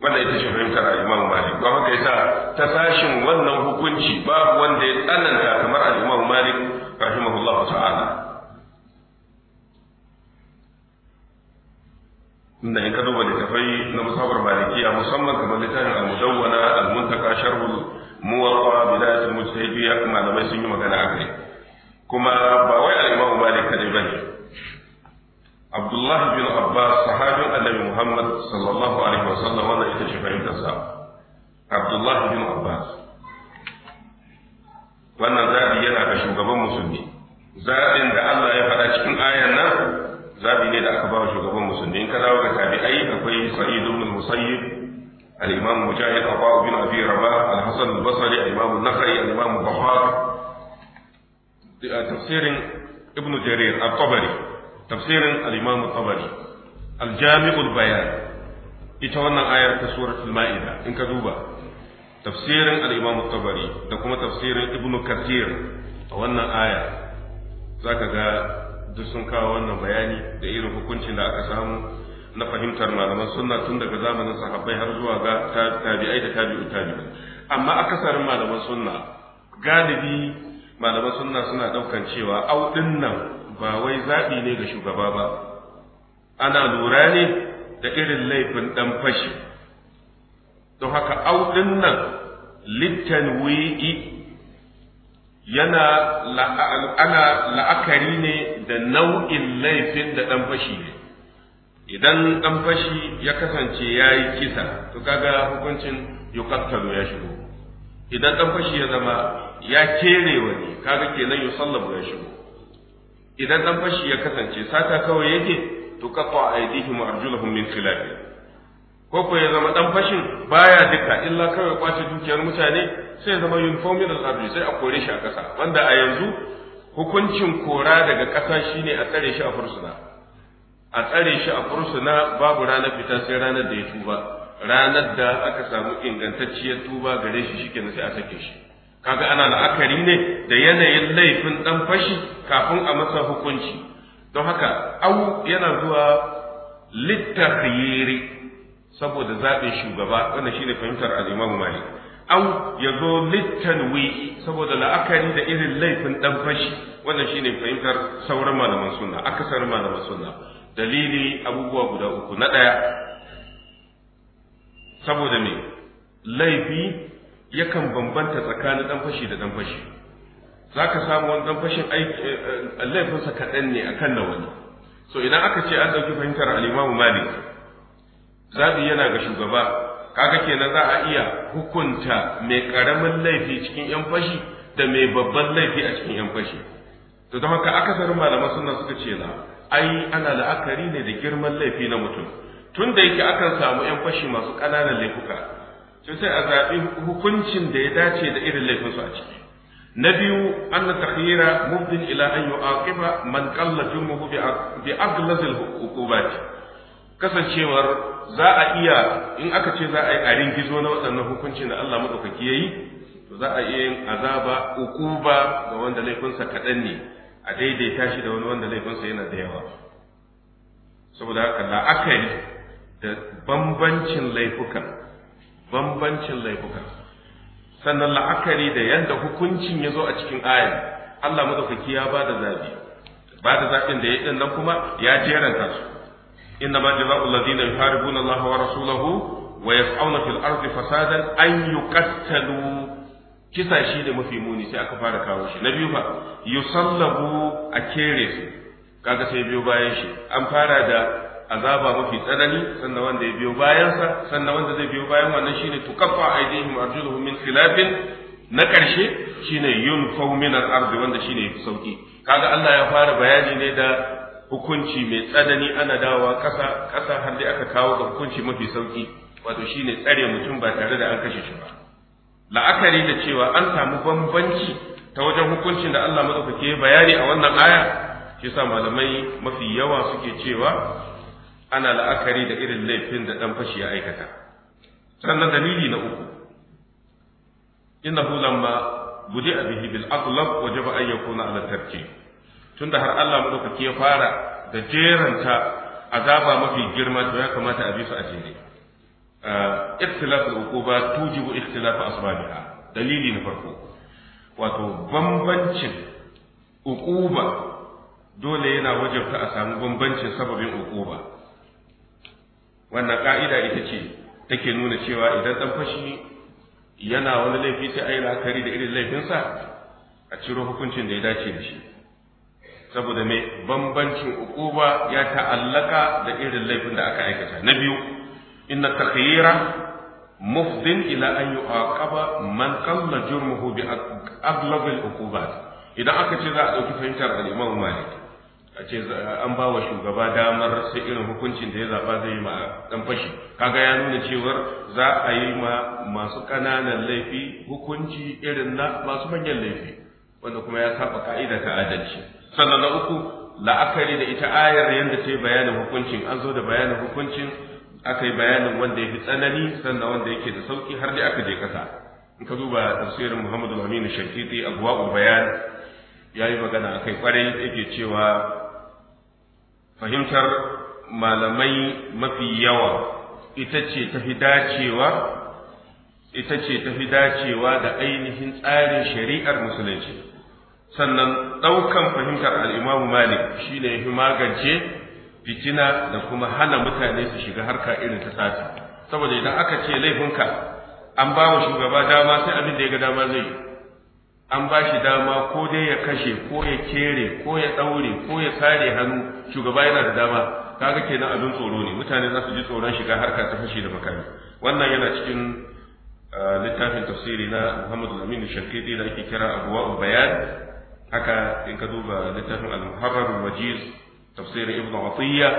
wannan ita ce fahimtar al-Imam Malik don haka yasa ta sashin wannan hukunci babu wanda ya tsananta kamar al-Imam Malik rahimahullahu ta'ala inda in ka duba littafai na musabar malikiya musamman kamar littafin al-mudawwana al-muntaka sharhul muwatta bidayatul mujtahidiyya malamai sun yi magana akai kuma ba wai al-Imam Malik ba ne. Abdullahi bin Abbas sahabin Annabi Muhammad sallallahu alaihi wasallam wannan ita ce fahimtar sa Abdullahi bin Abbas wannan zabi yana ga shugaban musulmi zabin da Allah ya faɗa cikin ayan nan zabi ne da aka ba shugaban musulmi in ka dawo ga tabi'ai akwai Sa'id ibn Musayyib al-Imam Mujahid Abu bin Abi Rabah al-Hasan al-Basri al-Imam an-Nakhai al-Imam Bukhari tafsirin ibn jarir al-tabari tafsirin bayan ita wannan ayar ta suratul ma'ida in ka duba tafsirin al-imam da kuma tafsirin ibn kathir a wannan aya zaka ga duk sun wannan bayani da irin hukuncin da aka samu na fahimtar malaman sunna tun daga zamanin sahabbai har zuwa ga tabi'ai da tabi'u tabi'in amma kasarin malaman sunna galibi malaman sunna suna ɗaukan cewa au nan ba wai zaɓi ne ga shugaba ba ana lura ne da irin laifin dan fashi don haka au din nan wii yana ana la'akari ne da nau'in laifin da ɗan fashi ne idan ɗan fashi ya kasance ya yi kisa to kaga hukuncin yukattalu ya shigo idan ɗan fashi ya zama ya kerewa ne kaga kenan yusallabu ya shigo idan dan fashi ya kasance sata kawai yake to qatta aydihim arjulahum min khilaf ko ko ya zama dan fashin baya duka illa kawai kwace dukiyar mutane sai ya zama uniformin al'adu sai a kore shi a kasa wanda a yanzu hukuncin kora daga kasa shine a tsare shi a fursuna a tsare shi a fursuna babu ranar fita sai ranar da ya tuba ranar da aka samu ingantacciyar tuba gare shi shikenan sai a sake shi kaga ana la'akari ne da yanayin laifin dan fashi kafin a masa hukunci don haka au yana zuwa littakhyiri saboda zaɓin shugaba wannan shine fahimtar al-Imam au ya zo littanwi saboda la'akari da irin laifin dan fashi wannan shine fahimtar sauran malaman sunna akasar malaman sunna dalili abubuwa guda uku na ɗaya saboda me laifi yakan bambanta tsakanin dan fashi da dan fashi za ka samu wani dan fashin eh, eh, laifinsa kaɗan ne akan na wani so idan aka ce an ɗauki fahimtar alimamu malik zaɓi yana ga shugaba kaga kenan za a iya hukunta mai ƙaramin laifi cikin yan fashi da mai babban laifi a cikin yan fashi to don haka akasarin malaman sunna suka ce na ai ana la'akari ne da girman laifi na mutum tun da yake akan samu yan fashi masu ƙananan laifuka to sai a zaɓi hukuncin da ya dace da irin laifinsu a ciki na biyu anna takhira mubdin ila an yu'aqiba man qalla jumuhu bi aghlazil hukubat kasancewar za a iya in aka ce za a yi arin gizo na waɗannan hukuncin da Allah madaukaki yayi to za a iya yin azaba ukuba ga wanda laifinsa kaɗan ne a daidaita shi da wani wanda laifinsa yana da yawa saboda haka la'akari da bambancin laifukan bambancin laifuka sannan la'akari da yanda hukuncin ya zo a cikin ayan Allah madaukaki ya ba da zaɓi ba da zabin da ya din nan kuma ya jeranta su inna ma jazaa'ul ladina yuharibuna Allah wa rasulahu wa yas'auna fil ardi fasadan an yuqattalu kisa shi da mafi muni sai aka fara kawo shi na biyu fa yusallabu a kere su kaga sai biyu bayan shi an fara da azaba mafi tsanani sannan wanda ya biyo bayansa sannan wanda zai biyo bayan wannan shine tukaffa aidihim arjuluhum min khilafin na karshe shine yunfau min al-ard wanda shine sauki kaga Allah ya fara bayani ne da hukunci mai tsanani ana dawowa kasa kasa har dai aka kawo ga hukunci mafi sauki wato shine tsare mutum ba tare da an kashe shi ba la'akari da cewa an samu bambanci ta wajen hukuncin da Allah madaukake bayani a wannan aya shi sa malamai mafi yawa suke cewa ana la'akari da irin laifin da ɗan fashi ya aikata sannan dalili na uku innahu lamma guji a bihi bil aqlab wajaba an yakuna ala tarki tunda har Allah madaukaki ya fara da jeranta azaba mafi girma to ya kamata a bi su a jere ah, ikhtilaf al-uquba tujibu ikhtilaf asbabiha dalili na farko wato bambancin uquba dole yana wajabta a samu bambancin sababin uquba wannan ka'ida ita ce take nuna cewa idan dan fashi yana wani laifi sai yi la'akari da irin laifinsa a ciro hukuncin da ya dace da shi saboda mai bambancin ukuba ya ta'allaka da irin laifin da aka aikata na biyu inna takhira mufdin ila an yu'aqaba man qalla jurmuhu bi aglabil uqubat idan aka ce za a dauki fahimtar al-Imam Malik a ce an ba wa shugaba damar sai irin hukuncin da ya zaba zai yi ma dan fashi kaga ya nuna cewar za a yi ma masu ƙananan laifi hukunci irin na masu manyan laifi wanda kuma ya saba ka'ida ta adalci sannan na uku la'akari da ita ayar yadda ta yi bayanin hukuncin an zo da bayanin hukuncin aka bayanin wanda ya fi tsanani sannan wanda yake da sauki har dai aka je kasa in ka duba tafsirin muhammadu aminu shakiti a bayan ya yi magana akai kwarai yake cewa fahimtar malamai mafi yawa ita ce tafi dacewa ita ce tafi dacewa da ainihin tsarin shari'ar musulunci sannan ɗaukan fahimtar al'imamu malik shi ne fi magance fitina da kuma hana mutane su shiga harka irin ta sata saboda idan aka ce laifinka an ba wa shugaba dama sai abin da ya ga dama zai yi an ba shi dama ko dai ya kashe ko ya kere ko ya ɗaure ko ya sare hannu shugaba yana da dama kaga kenan abin tsoro ne mutane za su ji tsoron shiga harka ta fashi da makami wannan yana cikin littafin tafsiri na Muhammad Amin Shakidi da ake kira Abuwa Bayan haka in ka duba littafin Al-Muharrar Al-Wajiz tafsirin Ibn Atiyya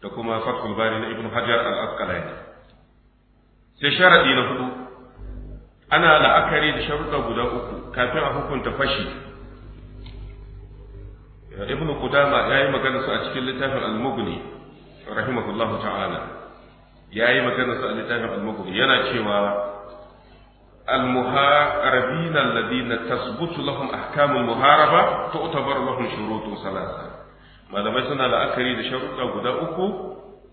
da kuma Fathul Bari na Ibn Hajar Al-Asqalani sai sharadi na hudu ana la'akari da sharuɗa guda uku kafin a hukunta fashi ibnu qudama yi magana su a cikin littafin al-mughni rahimahullahu ta'ala ya yi magana su a littafin al-mughni yana cewa المحاربين الذين تثبت لهم أحكام المحاربة تعتبر لهم شروط ثلاثة ما لم يسنى لأكري da sharuɗa guda uku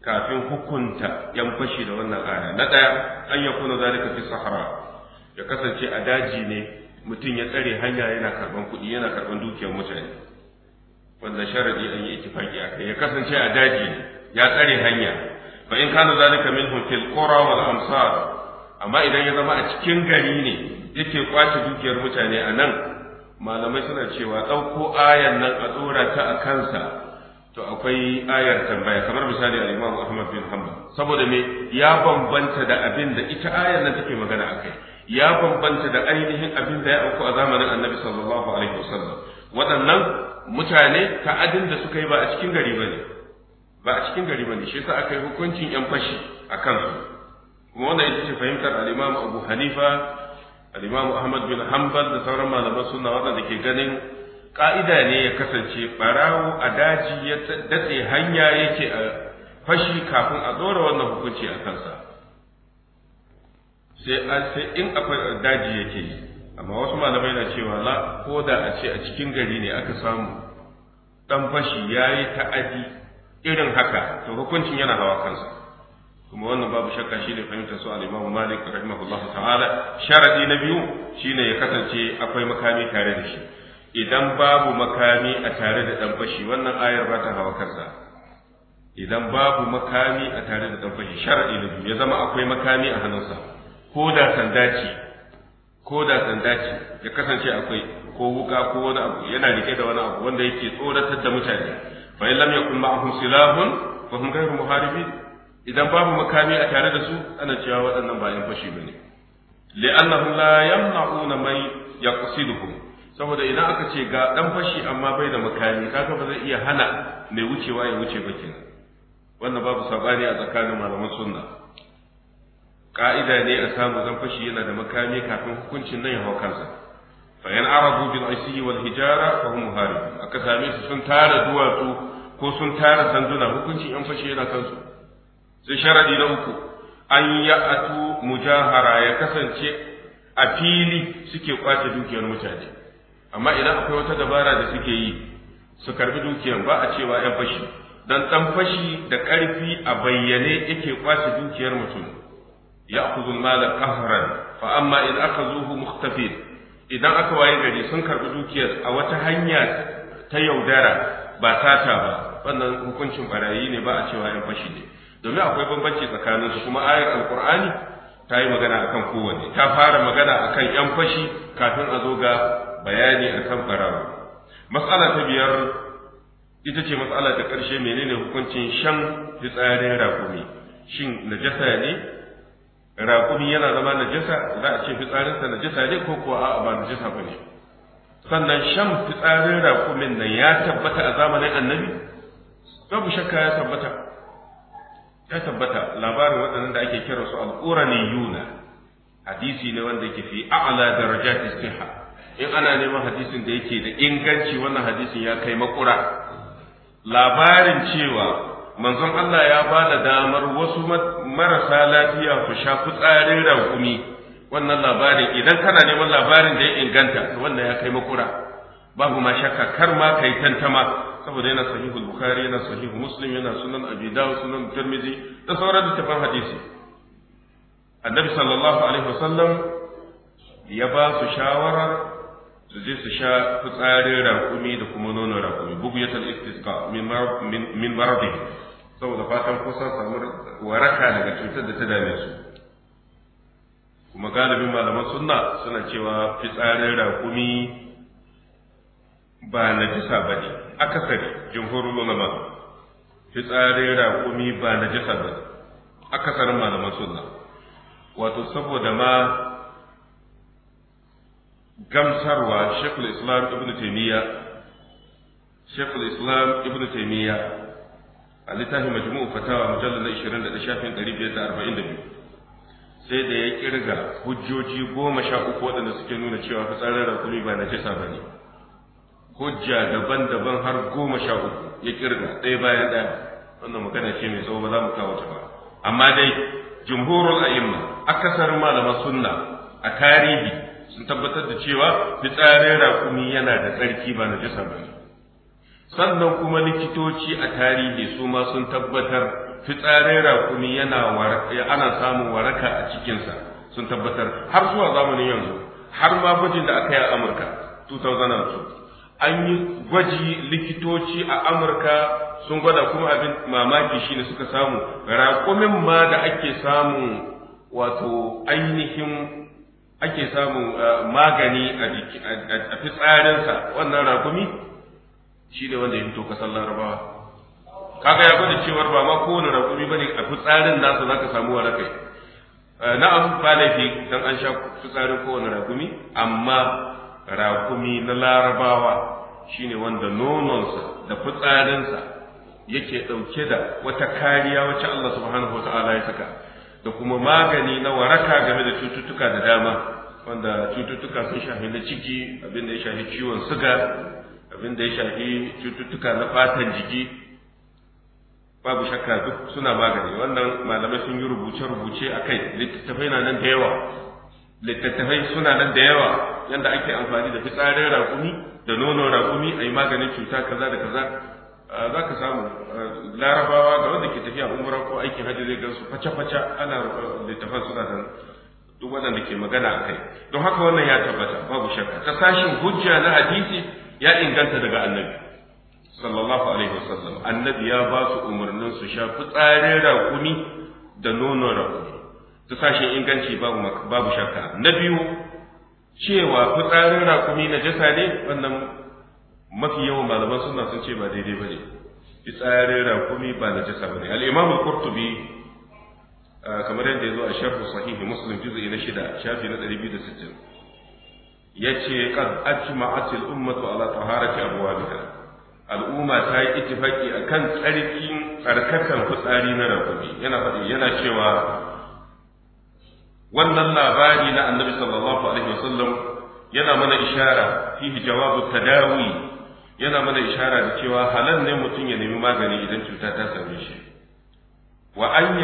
kafin hukunta yan fashi da wannan aya na ɗaya an yakuna zalika fi sahara ya kasance a daji ne mutum ya tsare hanya yana karban kuɗi yana karban dukiyar mutane wanda sharadi an yi ittifaki akai ya kasance a daji ya tsare hanya fa in kana zalika minhum fil qura wal amsar amma idan ya zama a cikin gari ne yake kwace dukiyar mutane a nan malamai suna cewa ɗauko ayan nan a tsora ta a kansa to akwai ayar tambaya kamar misali al-Imam Ahmad bin Hanbal saboda me ya bambanta da abin da ita ayar nan take magana akai ya bambanta da ainihin abin da ya auku a zamanin annabi sallallahu alaihi wasallam waɗannan mutane ta'adin da suka yi ba a cikin gari ba ne ba a cikin gari ba ne shi yasa aka yi hukuncin yan fashi a kansu kuma wannan ita ce fahimtar al-imam abu hanifa al ahmad bin hanbal da sauran malaman suna waɗanda ke ganin ka'ida ne ya kasance barawo a daji ya datse hanya yake a fashi kafin a ɗora wannan hukunci a kansa sai in akwai daji yake yi amma wasu malamai na cewa la ko da a ce a cikin gari ne aka samu dan fashi yayi ta'adi irin haka to hukuncin yana hawa kansa kuma wannan babu shakka shi ne fahimtar su al-Imam Malik rahimahullah ta'ala sharadi na biyu shine ya kasance akwai makami tare da shi idan babu makami a tare da dan fashi wannan ayar ba ta hawa kansa idan babu makami a tare da dan fashi sharadi na biyu ya zama akwai makami a hannunsa ko da sanda ko da sanda ya kasance akwai ko wuka ko wani abu yana rike da wani abu wanda yake tsoratar da mutane fa in lam yakun ma'ahum silahun fa hum ghayru muharibin idan babu makami a tare da su ana cewa waɗannan ba yan fashi bane li'annahum la yamna'una man yaqsiduhum saboda idan aka ce ga dan fashi amma bai da makami kaga ba zai iya hana mai wucewa ya wuce ba kenan wannan babu sabani a tsakanin malaman sunna ka'ida ne a samu zan fashi yana da makami kafin hukuncin nan ya hau kansa fa yan arabu bil aisi wal hijara fa hum muharib aka same su sun tara duwatsu ko sun tara sanduna hukuncin yan fashi yana kansu sai sharadi na uku an ya mujahara ya kasance a fili suke kwace dukiyar mutane amma idan akwai wata dabara da suke yi su karbi dukiyar ba a cewa yan fashi dan dan fashi da karfi a bayyane yake kwace dukiyar mutum ya'khudhu al-mala qahran fa amma in akhazuhu muhtafid idan aka waye gari sun karɓi dukiyar a wata hanya ta yaudara ba sata ba wannan hukuncin barayi ne ba a cewa yan fashi ne domin akwai bambanci tsakanin su kuma ayar alqur'ani ta yi magana akan kowanne ta fara magana akan yan fashi kafin a zo ga bayani akan barawo Matsala ta biyar ita ce matsala ta ƙarshe menene hukuncin shan fitsarin rakumi shin najasa ne raƙumi yana zama najasa za a ce fitsarinsa najasa ne ko kuwa a'a ba najasa ba ne sannan shan fitsarin raƙumin nan ya tabbata a zamanin annabi babu shakka ya tabbata ya tabbata labarin waɗannan da ake kira su al'urani yuna hadisi ne wanda yake fi a'la darajat in ana neman hadisin da yake da inganci wannan hadisin ya kai makura labarin cewa manzon Allah ya ba da damar wasu marasa lafiya ku sha fitsarin raƙumi wannan labarin idan kana neman labarin da ya inganta wannan ya kai makura babu ma shakka kar ma kai tantama saboda yana sahihul bukhari yana sahihul muslim yana sunan abi dawud sunan tirmidhi da sauran littafan hadisi annabi sallallahu alaihi wasallam ya ba su shawara su je su sha fitsarin rakumi da kuma nonon rakumi bugu ya istisqa min maradihi saboda fatan ko san samu waraka daga cutar da ta dame su kuma galibin malaman sunna suna cewa fitsarin rakumi ba na jisa ba ne akasari jumhurul ulama fitsarin rakumi ba na jisa ba ne akasarin malaman sunna wato saboda ma gamsarwa shekul islam ibn taimiyya shekul islam ibn taimiyya a littafin majmu'u fatawa mujallal na 21 shafin 542 sai da ya kirga hujjoji goma sha uku waɗanda suke nuna cewa fitsarin rakumi ba najasa ba ne hujja daban-daban har goma sha uku ya kirga ɗaya bayan ɗaya wannan magana ce mai tsawo ba za mu kawo ta ba amma dai jumhurul a'imma akasarin malaman sunna a tarihi sun tabbatar da cewa fitsarin rakumi yana da tsarki ba najasa ba ne sannan kuma likitoci a tarihi su ma sun tabbatar fitsarin rakumi yana ana samun waraka a cikinsa sun tabbatar har zuwa zamanin yanzu har ma gwajin da aka yi a amurka 2002 an yi gwaji likitoci a amurka sun gwada kuma abin mamaki shine suka samu rakumin ma da ake samun wato ainihin ake samun eh, magani a fitsarinsa wannan rakumi shi ne wanda ya fito kasar larabawa kaga ya gwada cewar ba ma kowane rakumi bane a fitsarin nasa zaka samu waraka eh, na'am ba laifi dan an sha fitsarin kowane rakumi amma rakumi na larabawa shine wanda nononsa da fitsarinsa yake ɗauke da wata kariya wacce Allah subhanahu wata'ala ya saka da kuma magani na waraka game da cututtuka da dama wanda cututtuka sun shafi na ciki abin da ya shafi ciwon suga abin da ya shafi cututtuka na fatan jiki babu shakka duk suna magani wannan malamai sun yi rubuce-rubuce a kai littattafai na nan da yawa littattafai suna nan da yawa yadda ake amfani da fitsarin raƙumi da nono raƙumi a yi maganin cuta kaza da kaza za ka samu larabawa ga wanda ke tafiya umra ko aikin hajji zai gansu faca faca ana littafan suna nan duk waɗanda ke magana a kai don haka wannan ya tabbata babu shakka ta sashin hujja na hadisi ya inganta daga annabi sallallahu alaihi wasallam annabi ya ba su umarnin su sha fitsarin rakumi da nonon rakumi ta sashen inganci babu babu shakka na biyu cewa fitsarin rakumi na jasa ne wannan mafi yawan malaman suna sun ce ba daidai ba ne fitsarin rakumi ba na jasa ba ne al'imamu kurtubi ah, kamar yadda ya zo a sharhu sahihi muslim juzu'i na shida shafi na ɗari biyu da sittin Ya yace qad ajma'at al-ummatu ala taharati abwabiha al'umma ta yi a kan tsarkin tsarkakan fitsari na rakumi yana faɗi yana cewa wannan labari na annabi sallallahu alaihi wasallam yana mana ishara fihi jawabu tadawi yana mana ishara da cewa halal ne mutum ya nemi magani idan cuta ta same shi wa an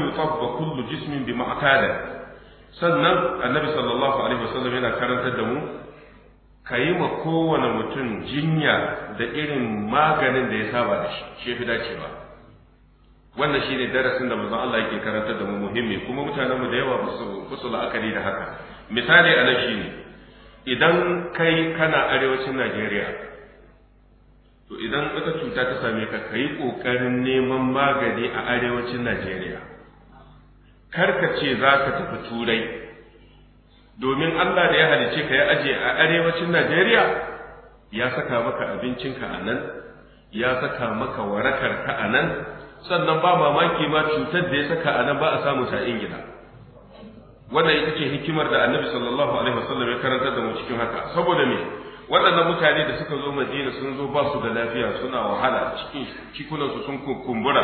yutaffa kullu jismin bi ma'tada sannan annabi sallallahu alaihi wasallam yana karantar da mu ka yi ma kowane mutum jinya da irin maganin da ya saba da shi shi fi dacewa wannan shi ne darasin da manzon Allah yake karantar da mu muhimmi kuma mutanen mu da yawa ba su la'akari da haka misali a shine, idan kai kana arewacin Najeriya to idan wata cuta ta same ka ka yi neman magani a arewacin Najeriya karka ce za ka tafi turai domin Allah da ya halice ka ya aje a arewacin Najeriya ya saka maka abincinka a nan ya saka maka warakarka a nan sannan ba mamaki ma cutar da ya saka a nan ba a samu ta ingila wannan ita ce hikimar da annabi sallallahu alaihi wasallam ya karanta da mu cikin haka saboda me waɗannan mutane da suka zo madina sun zo ba su da lafiya suna wahala cikin cikunansu sun kumbura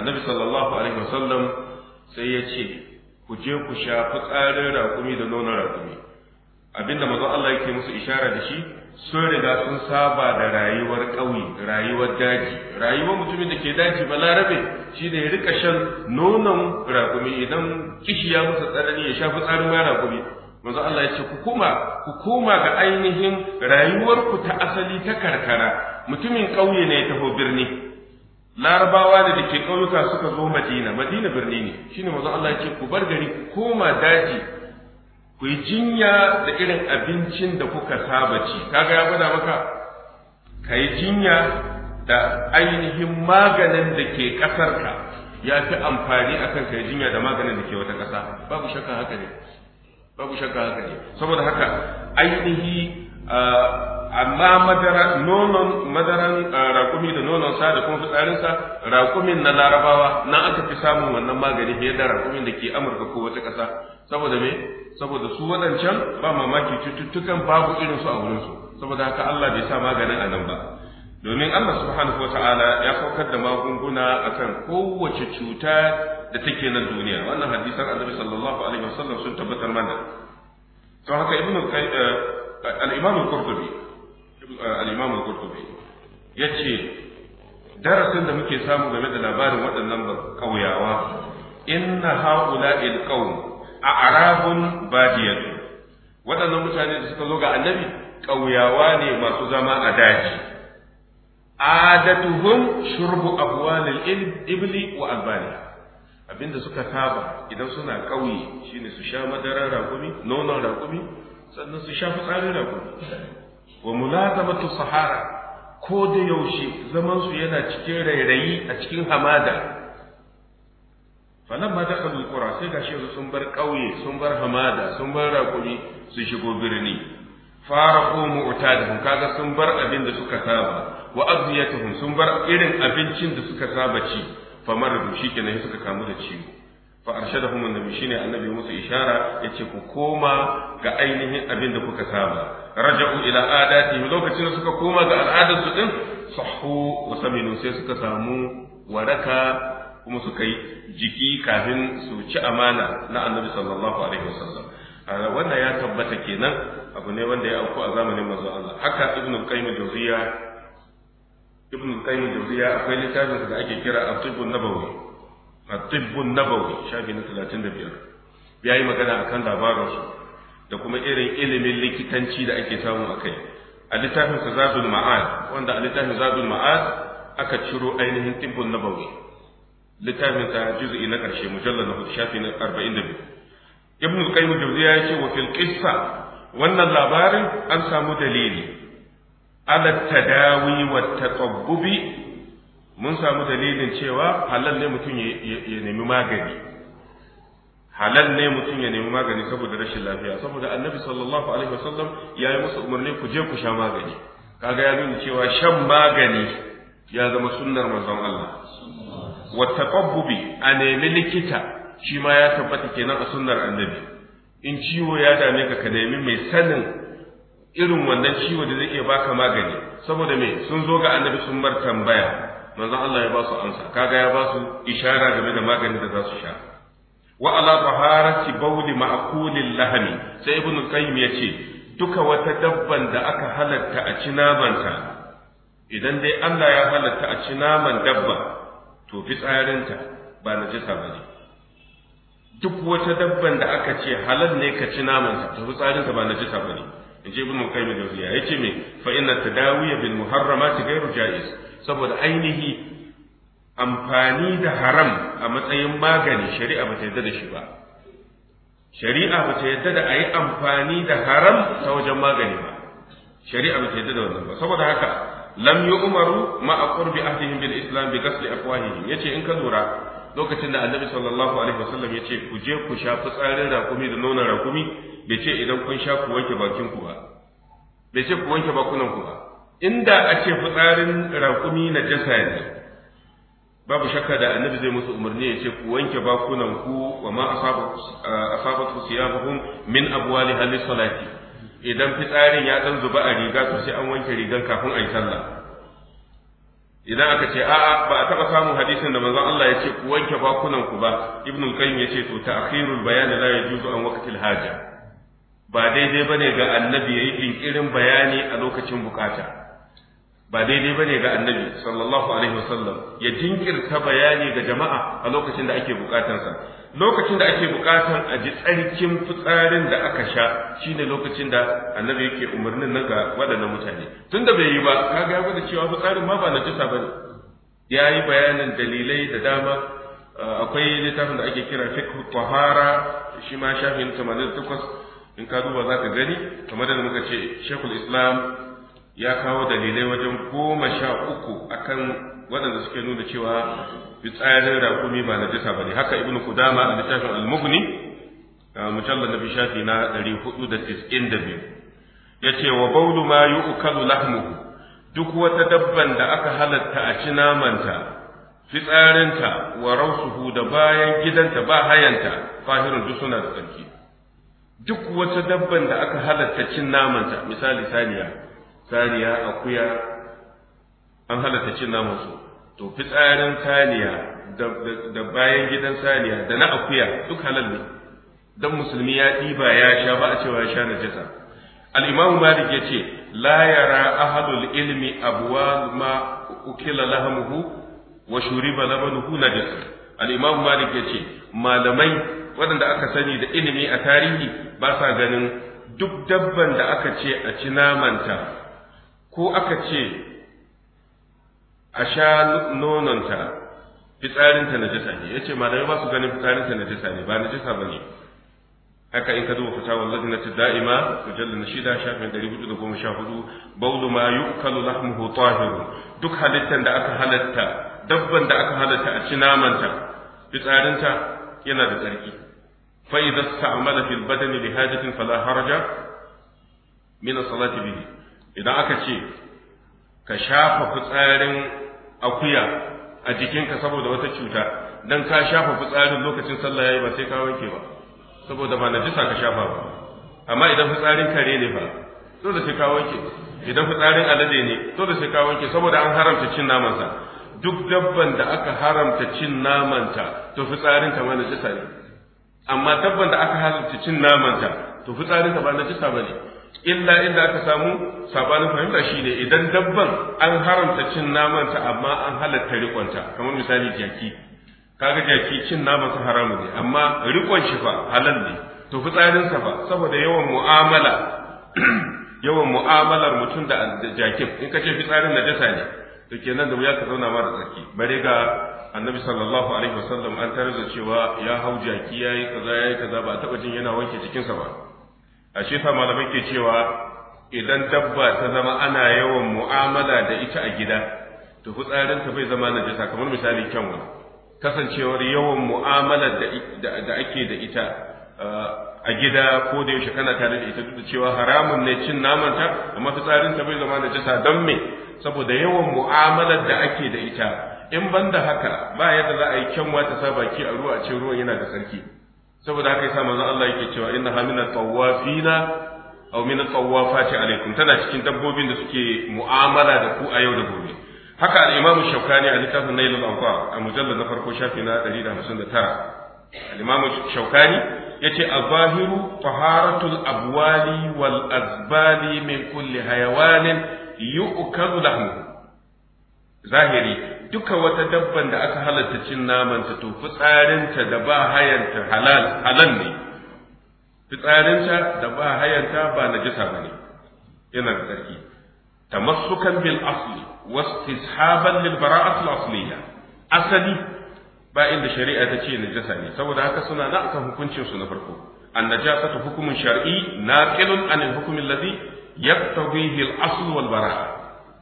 annabi sallallahu alaihi wasallam sai ya ce ku je ku sha fitsarin raƙumi da nonon raƙumi abinda mazan Allah yake musu ishara da shi sun riga sun saba da rayuwar ƙauye rayuwar daji rayuwar mutumin da ke daji balarabe shi ne ya rika shan nonon raƙumi idan kishi ya musu tsanani ya sha fitsarin ma raƙumi mazan Allah ya ce ku koma ku koma ga ainihin rayuwarku ta asali ta karkara mutumin ƙauye ne ya taho birni larabawa da ke ƙauyuka suka zo madina madina birni ne shine manzo Allah ya ce ku bar gari koma daji ku yi jinya da irin abincin da kuka saba ci kaga ya gwada maka Kai jinya da ainihin maganin da ke ƙasarka ya fi amfani akan ka jinya da maganin da ke wata ƙasa babu shakka haka ne babu shakka haka ne saboda haka ainihi ah, amma madara nonon madaran ah, rakumi da nonon sa da kuma sa rakumin na larabawa na aka fi samun wannan magani fiye da rakumin da ke amurka ko wata ƙasa saboda me saboda su waɗancan ba mamaki cututtukan babu irin su a wurin su saboda haka Allah bai sa maganin a nan ba domin Allah subhanahu wa ta'ala ya saukar da magunguna akan kowace cuta da take nan duniya wannan hadisan annabi sallallahu alaihi wasallam sun tabbatar mana to haka ibnu eh, al-imam al-qurtubi al-imam al-qurtubi yace darasin da muke samu game da labarin waɗannan kauyawa inna haula al a a'rabun badiyatu waɗannan mutane da suka zo ga annabi ƙauyawa ne masu zama a daji adatuhum shurbu abwalil ibli wa albani abinda suka saba idan suna ƙauye shine su sha madarar raƙumi nonon raƙumi sannan su sha fitsarin raƙumi wa mulazamatu sahara ko da yaushe zaman su yana cikin rairayi a cikin hamada Fa falamma dakhalu alqura sai ga yanzu sun bar kauye sun bar hamada sun bar rakumi su shigo birni farahu mu'tadahum kaga sun bar abin da suka saba wa abdiyatuhum sun bar irin abincin da suka saba ci famar da shi kenan suka kamu da ciwo fa arshadahum annabi shine annabi musu ishara yace ku koma ga ainihin abin da kuka saba raja'u ila adati lokacin suka koma ga al'adar su din sahu wa saminu sai suka samu waraka kuma suka yi jiki kafin su ci amana na annabi sallallahu alaihi wasallam wannan ya tabbata kenan abu ne wanda ya auku a zamanin manzon Allah haka ibnu qayyim jawziya ibnu qayyim jawziya akwai littafin da ake kira at-tibbun nabawi at-tibbun nabawi shafi na 35 yayi magana a kan su da kuma irin ilimin likitanci da ake samu akai a littafin sa zadul ma'ad wanda a littafin zadul ma'ad aka ciro ainihin tibbun nabawi littafin sa juz'i na karshe mujallal na shafi na 42 ibn al-qayyim jawziya yace wa fil qissa wannan labarin an samu dalili ala tadawi wa taqabbubi mun samu dalilin cewa halal ne mutum ya nemi magani halal ne mutum ya nemi magani saboda rashin lafiya saboda annabi sallallahu alaihi wasallam ya yi musu umarni ku je ku sha magani kaga ya nuna cewa shan magani ya zama sunnar manzon Allah wa taqabbubi a nemi likita shi ma ya tabbata kenan a sunnar annabi in ciwo ya dame ka ka nemi mai sanin irin wannan ciwo da zai iya baka magani saboda me sun zo ga annabi sun bar tambaya manzon Allah ya ba su amsa kaga ya ba su ishara game da maganin da za su sha wa ala taharati bawli ma'kulil lahmi sai ibnu qayyim ce duka wata dabban da aka halatta a ci namanta idan dai Allah ya halatta a ci naman dabba to fitsarinta ba na najasa bane duk wata dabban da aka ce halal ne ka ci namanta to fitsarinta ba na najasa bane in ji ibnu qayyim da ce me fa inna tadawiya bil muharramati ghairu jaiz saboda ainihi amfani da haram a matsayin magani shari'a ba ta yadda da shi ba shari'a ba ta yadda da a yi amfani da haram ta wajen magani ba shari'a ba ta yadda da wannan ba saboda haka lam yi umaru ma'a qurbi ahdihim bil islam bi ghasli ya yace in ka lura lokacin da annabi sallallahu alaihi wasallam ce ku je ku sha fitsarin rakumi da nonon rakumi bai ce idan kun sha ku wanke bakin ku ba bai ce ku wanke bakunan ku ba inda ake ce fitsarin rakumi na jasa ne babu shakka da annabi zai musu umarni ya ce ku wanke bakunan ku wa ma asabatu siyabuhum min abwali salati idan fitsarin ya dan zuba a riga to sai an wanke rigan kafin a yi sallah idan aka ce a'a ba a taba samun hadisin da manzon Allah ya ce ku wanke bakunan ku ba ibnu qayyim ya ce to ta'khirul bayan la yajuzu an waqtil haja ba daidai bane ga annabi yayi kirin bayani a lokacin bukata ba daidai ba ne ga annabi sallallahu alaihi wasallam ya jinkirta bayani ga jama'a a lokacin da ake bukatansa lokacin da ake bukatan a ji tsarkin fitsarin da aka sha shine lokacin da annabi yake umarnin nan ga waɗannan mutane tunda bai yi ba kaga ya gwada cewa fitsarin ma ba na jisa bane ya yi bayanin dalilai da dama akwai littafin da ake kira fiqh tahara shi ma shafin 88 in ka duba za ka gani kamar da muka ce shekul islam ya kawo dalilai wajen goma sha uku akan waɗanda suke nuna cewa fitsarin rakumi ba na jisa ba ne haka Ibn kudama a littafin almugni mujallar na bishafi na ɗari hudu da tis'in da biyu ya ce wa baulu ma yi ukalu lahmuhu duk wata dabban da aka halatta a ci namanta fitsarinta wa rausuhu da bayan gidanta ba hayanta fahirin duk suna da tsarki duk wata dabban da aka halatta cin namanta misali saniya saniya akuya an halatta cin naman su to fitsarin saniya da bayan gidan saniya da na akuya duk halal ne dan musulmi ya ɗiba ya sha ba a cewa ya sha najasa al-imam malik yace la yara ahadul ilmi abuwa ma ukila lahamuhu wa shuriba labanuhu najasa al-imam malik yace malamai waɗanda aka sani da ilimi a tarihi ba sa ganin duk dabban da aka ce a ci namanta ko aka ce a sha nononta fitsarinta na jisa ne ya ce malamai ba su ganin fitsarinta na jisa ne ba na jisa ba ne haka in ka duba na lajinati da'ima mujallar na shida shafin ɗari hudu da goma sha hudu baudu ma yukalu lahmuhu tahirun duk halittar da aka halatta dabban da aka halatta a ci namanta fitsarinta yana da tsarki fa idza sta'mala fil badani li hajatin fala haraja min as-salati bihi idan aka ce ka shafa fitsarin akuya a jikinka saboda wata cuta dan ka shafa fitsarin lokacin sallah yayi ba sai ka wanke ba saboda ba najisa ka shafa ba amma idan fitsarin kare ne fa da sai ka wanke idan fitsarin alade ne da sai ka wanke saboda an haramta cin namansa duk dabban da aka haramta cin namanta to fitsarin ta ma najisa ne amma dabban da aka haramta cin namanta to fitsarin ta ba najisa bane illa inda aka samu sabanin fahimta ne idan dabban an haramta cin namansa amma an halatta riƙonta. kamar misali jaki kaga jaki cin naman haramu ne amma riƙon shi fa halal ne to fitsarin sa fa saboda yawan mu'amala yawan mu'amalar mutum da jakin in ka ce fitsarin najasa ne to kenan da wuya ka zauna mara tsaki bare ga annabi sallallahu alaihi wasallam an tarar da cewa ya hau jaki yayi kaza yayi kaza ba taba jin yana wanke jikinsa ba a shi sa malamai ke cewa idan dabba ta zama ana yawan mu'amala da ita a gida to fitsarinta bai zama najasa kamar misali kyanwa kasancewar yawan mu'amala da ake da ita uh, a gida ko da yaushe kana tare da ita duk da cewa haramun ne cin naman ta, amma fitsarinta bai zama najasa don me saboda yawan mu'amalar da ake da ita in banda haka ba yadda za a yi kyanwa ta sa baki a ruwa a ce ruwan yana da sarki saboda haka yasa manzon Allah yake cewa inna hamina tawafina aw min tawafati alaikum tana cikin dabbobin da suke mu'amala da ku a yau da gobe haka al-imamu shaukani a littafin nailul anfar a mujallal na farko shafi na 159 al-imamu shaukani yace azahiru taharatul abwali wal azbali min kulli hayawanin yu'kalu lahum zahiri duka wata dabban da aka halatta cin namanta to fitsarinta da ba hayanta halal halal ne fitsarinta da ba hayanta ba najisa bane yana da tsarki tamassukan bil asli wastishaban lil bara'at al asliya asali ba inda shari'a ta ce najasa ne saboda haka suna na akan hukuncin su na farko an najasatu hukumin shar'i naqilun an al hukumin alladhi yaqtadihi al asl wal bara'a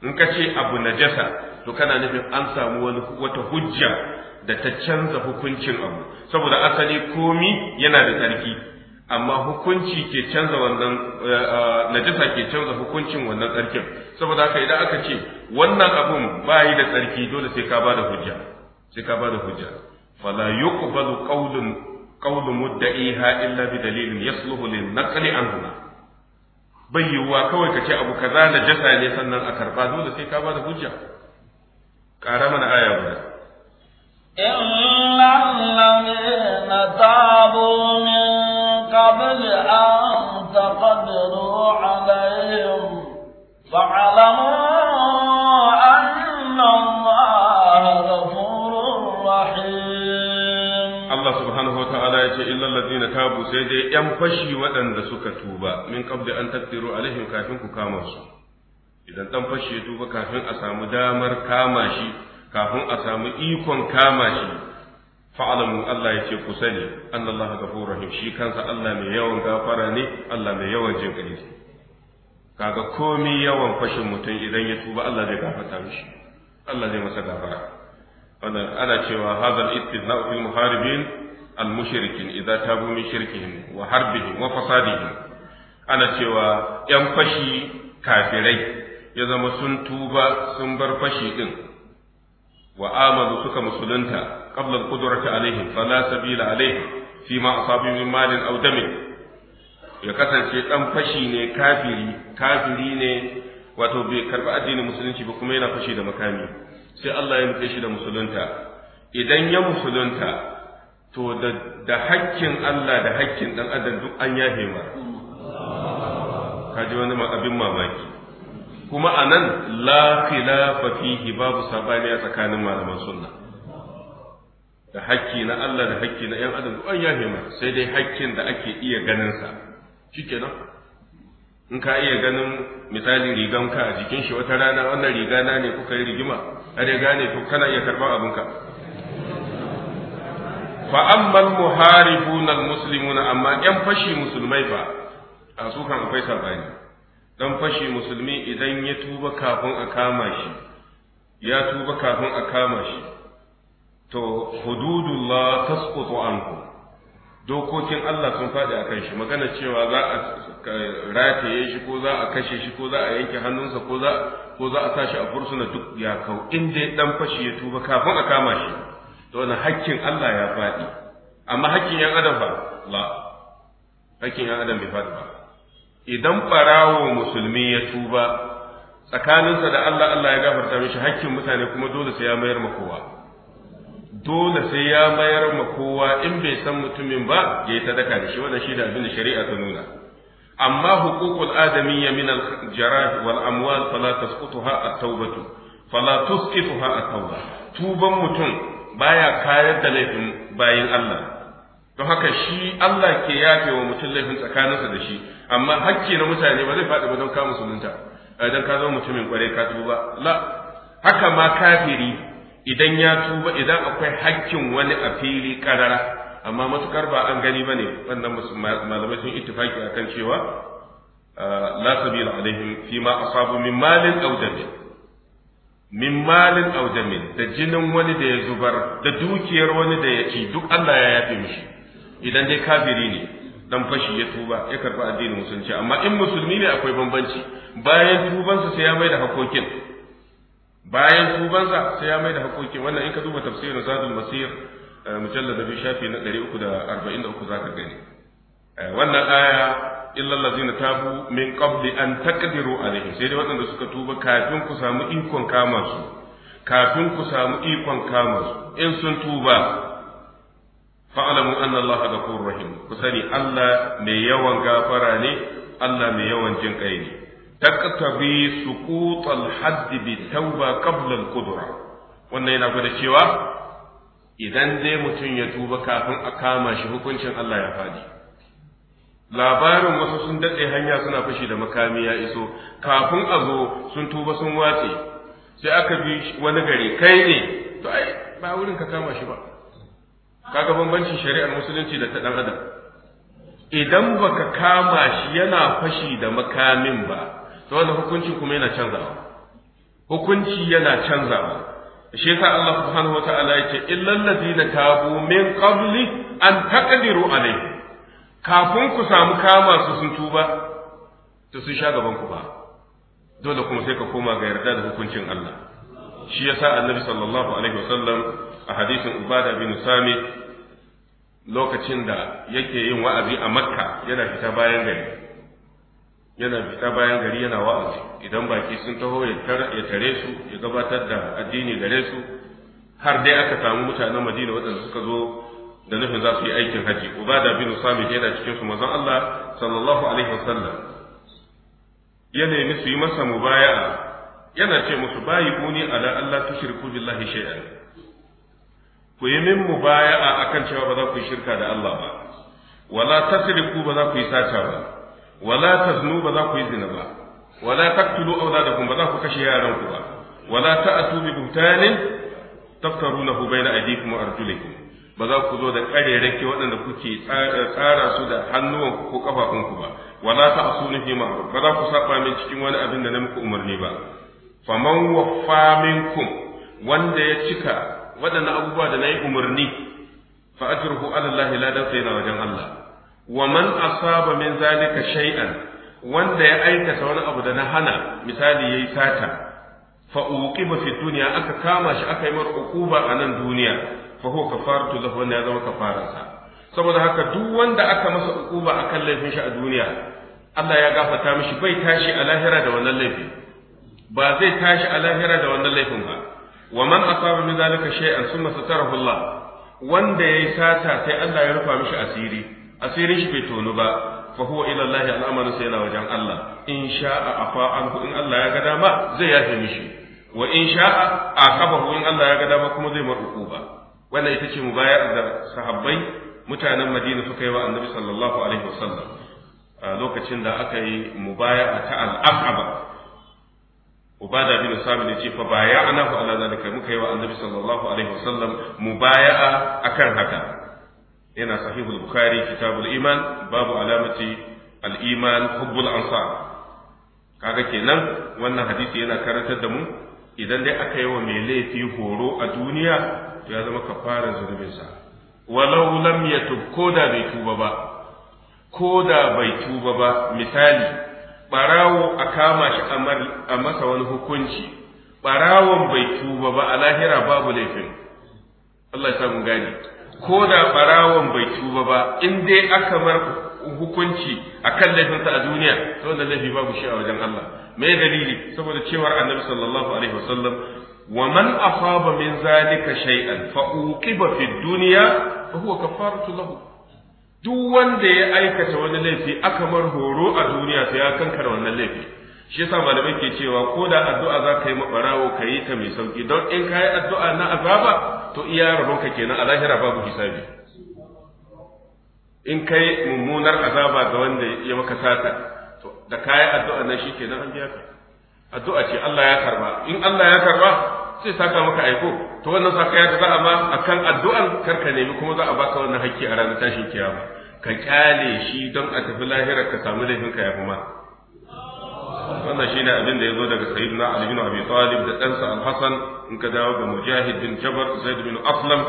in ka ce abu najasa to kana nufin an samu wata hujja da ta canza hukuncin abu saboda asali komi yana da tsarki amma hukunci ke canza wannan eh, eh, najasa ke canza hukuncin wannan tsarkin saboda haka idan aka ce wannan abun ba yi da tsarki dole sai ka bada hujja sai ka bada hujja fala yuqbalu qawlun qawlu mudda'iha illa bi dalilin yasluhu lin naqli anhu bai yiwuwa kawai ka ce abu kaza najasa ne sannan a karba dole sai ka bada hujja ƙara آية aya guda إلا الذين تابوا من قبل أن تقدروا عليهم فاعلموا أن الله غفور رحيم الله سبحانه وتعالى يقول إلا الذين تابوا سيدي ينفشي ودن سكتوبا من قبل أن تقدروا عليهم كافين كامرسوا idan ɗan fashe duba kafin a samu damar kama shi kafin a samu ikon kama shi fa'alamu Allah ya ce ku sani annallaha ghafurur rahim shi kansa Allah mai yawan gafara ne Allah mai yawan jinkari kaga komai yawan fashin mutum idan ya tuba Allah zai gafarta mishi Allah zai masa gafara wannan ana cewa hadal istithna fil muharibin al mushrikin idza tabu min shirkihim wa harbihim wa fasadihim ana cewa yan fashi kafirai ya zama sun tuba sun bar fashi din wa Amadu suka musulunta qabla al-qudrati alaihim fala sabila alaihim fi ma asabi min malin aw damin ya kasance dan fashi ne kafiri kafiri ne wato bai karɓi addinin musulunci ba kuma yana fashi da makami sai Allah ya nufe shi da musulunta idan ya musulunta to da hakkin Allah da hakkin dan adam duk an yafe ma ji wani abin mamaki kuma anan la khilafa fihi babu sabani a tsakanin malaman sunna da hakki na Allah da hakki na ‘yan adam an ya hima, sai dai hakkin da ake iya ganinsa shi kenan in ka iya ganin misali rigan ka a jikin shi wata rana wannan rigana ne kuka yi rigima a dai gane to kana iya karɓar abinka fa ammal muharibun al amma ‘yan fashi musulmai fa a sukan akwai sabani dan fashi musulmi idan ya tuba kafin a kama shi ya tuba kafin a kama shi to hududullah tasqutu anhu dokokin Allah sun faɗi akan shi magana cewa za a rataye shi ko za a kashe shi ko za a yanke hannunsa ko za ko za a sa shi a fursuna duk ya kau in dai dan fashi ya tuba kafin a kama shi to wannan hakkin Allah ya faɗi amma hakkin yan adam ba la hakkin yan adam bai faɗi ba idan ɓarawo musulmi ya tuba tsakaninsa da Allah Allah ya gafarta mishi hakkin mutane kuma dole sai ya mayar ma kowa dole sai ya mayar ma kowa in bai san mutumin ba ya yi sadaka da shi wannan shi da abin da shari'a ta nuna amma huququl adamiyya min al jarah wal amwal fala tasqutuha at tawbatu fala tusqifuha at tawba tuban mutum baya kayar da laifin bayin Allah don haka shi Allah ke yafe wa mutum laifin tsakaninsa da shi amma hakki na mutane ba zai faɗi ba don ka musulunta eh, don ka zama mutumin kwarai ka tuba la haka ma kafiri idan ya tuba idan akwai hakkin wani a fili karara amma matukar ba an gani bane wannan malamai sun ittifaki akan cewa eh, la sabila alaihim fi ma asabu min malin audamin min malin audamin da jinin wani da ya zubar da dukiyar wani da ya ci duk Allah ya yafe mishi idan dai kafiri ne dan fashi ya tuba ya karba addinin musulunci amma in musulmi ne akwai bambanci bayan tubansa sai ya mai da hakokin bayan tubansa sai ya mai da hakokin wannan in ka duba tafsirin zadul masir eh, mujallad da shafi na 343 zaka gani eh, wannan aya illa allazina tabu min qabli an taqdiru alaihim sai dai waɗanda suka tuba kafin ku samu ikon kama su kafin ku samu ikon kama su in sun tuba fa'alamu an Allah ghafurur rahim ku sani Allah mai yawan gafara ne Allah mai yawan jin ƙai ne taktabi suqut al haddi bi tauba qabla al-qudra wannan yana gwada cewa idan dai mutum ya tuba kafin a kama shi hukuncin Allah ya faɗi labarin wasu sun daɗe hanya suna fashi da makami ya iso kafin a zo sun tuba sun watse sai aka bi wani gari kai ne to ai ba wurin ka kama shi ba kaga bambancin shari'ar musulunci da ta dan adam idan baka kama shi yana fashi da makamin ba to wannan hukuncin kuma yana canzawa hukunci yana canzawa shi yasa Allah subhanahu wataala yake illal ladina tabu min qabli an taqdiru alayhi kafin ku samu kama su sun tuba to sun sha gaban ku ba dole kuma sai ka koma ga yarda da hukuncin Allah shi yasa annabi sallallahu alaihi wasallam a hadisin ubada bin samit lokacin da yake yin wa'azi a makka yana fita bayan gari yana fita bayan gari yana wa'azi idan baki sun taho ya tare su ya gabatar da addini gare su har dai aka samu mutanen madina waɗanda suka zo da nufin za su yi aikin haji ubada bin samit yana cikin su mazan Allah sallallahu alaihi wasallam ya nemi su yi masa mubaya yana ce musu bayi kuni ala Allah tushriku billahi shay'an ku yi min mu baya a akan cewa ba za ku yi shirka da Allah ba wala tasriku ba za ku yi sata ba wala taznu ba za ku yi zina ba wala da awladakum ba za ku kashe yaran ku ba wala ta'tu bi buhtanin taftarunahu bayna aydikum wa arjulikum ba za ku zo da ƙarerake waɗanda kuke tsara su da hannuwanku ko ƙafafunku ba wala ta asuni fi ma'ruf ba za ku saba min cikin wani abin da na muku umarni ba faman wa faminkum wanda ya cika waɗannan abubuwa da na yi umarni fa ajruhu ala Allah na wajen Allah wa man asaba min zalika shay'an wanda ya aikata wani abu da na hana misali yayi sata fa uqiba fi dunya aka kama shi aka yi mar ukuba a nan duniya fa huwa kafaratu lahu wanda ya zama sa. saboda haka duk wanda aka masa uquba akan laifin shi a duniya Allah ya gafarta mishi bai tashi a lahira da wannan laifin ba zai tashi a lahira da wannan laifin ba wa man asaba min zalika shay'an thumma satarahu Allah wanda yi sata sai Allah ya rufa mishi asiri asirin shi bai tonu ba fa huwa ila Allah sai yana wajen Allah in sha'a afa anhu in Allah ya ga dama zai yafe mishi wa in sha'a akabahu in Allah ya ga dama kuma zai marhuku ba wannan ita ce mubayar da sahabbai mutanen Madina suka yi wa Annabi sallallahu alaihi wasallam lokacin da aka yi mubaya'a ta al'aqaba ubada bin ne yace fa bay'anahu ala zalika muka yi wa annabi sallallahu alaihi wasallam mubaya'a akan haka yana sahihul bukhari kitabul iman babu alamati al iman hubbul ansar kaga kenan wannan hadisi yana karantar da mu idan dai aka yi wa mai laifi horo a duniya to ya zama zurbin sa. walau lam yatub ko da bai tuba ba ko da bai tuba ba misali Ɓarawo a kama shi a masa wani hukunci Ɓarawon bai tuba ba a lahira babu laifin Allah ya samu gani ko da ɓarawon bai tuba ba in dai aka mar hukunci a kan laifinsa a duniya to wanda laifi babu shi a wajen Allah me dalili saboda cewar annabi sallallahu alaihi wasallam wa man asaba min zalika shay'an fa uqiba fi dunya fa huwa kafaratu lahu duk wanda ya aikata wani laifi aka bar horo a duniya sai ya kankara wannan laifi shi yasa malamai ke cewa ko da addu'a za ka yi maɓarawo ka yi ta mai sauki don in ka yi addu'a na azaba to iya rabonka kenan a lahira babu hisabi in ka yi mummunar azaba ga wanda ya maka sata to da ka yi addu'a na shi kenan an biya ka addu'a ce Allah ya karba in Allah ya karba sai saka maka aiko to wannan saka ya za a ma akan addu'an karka nemi kuma za a baka wannan hakki a ranar tashin kiyama ka kyale shi don a tafi lahira ka samu laifin ka yafi ma wannan ne abin da ya zo daga sayyidina ali bin abi talib da ɗansa al in ka dawo ga mujahid bin jabar zaid bin aslam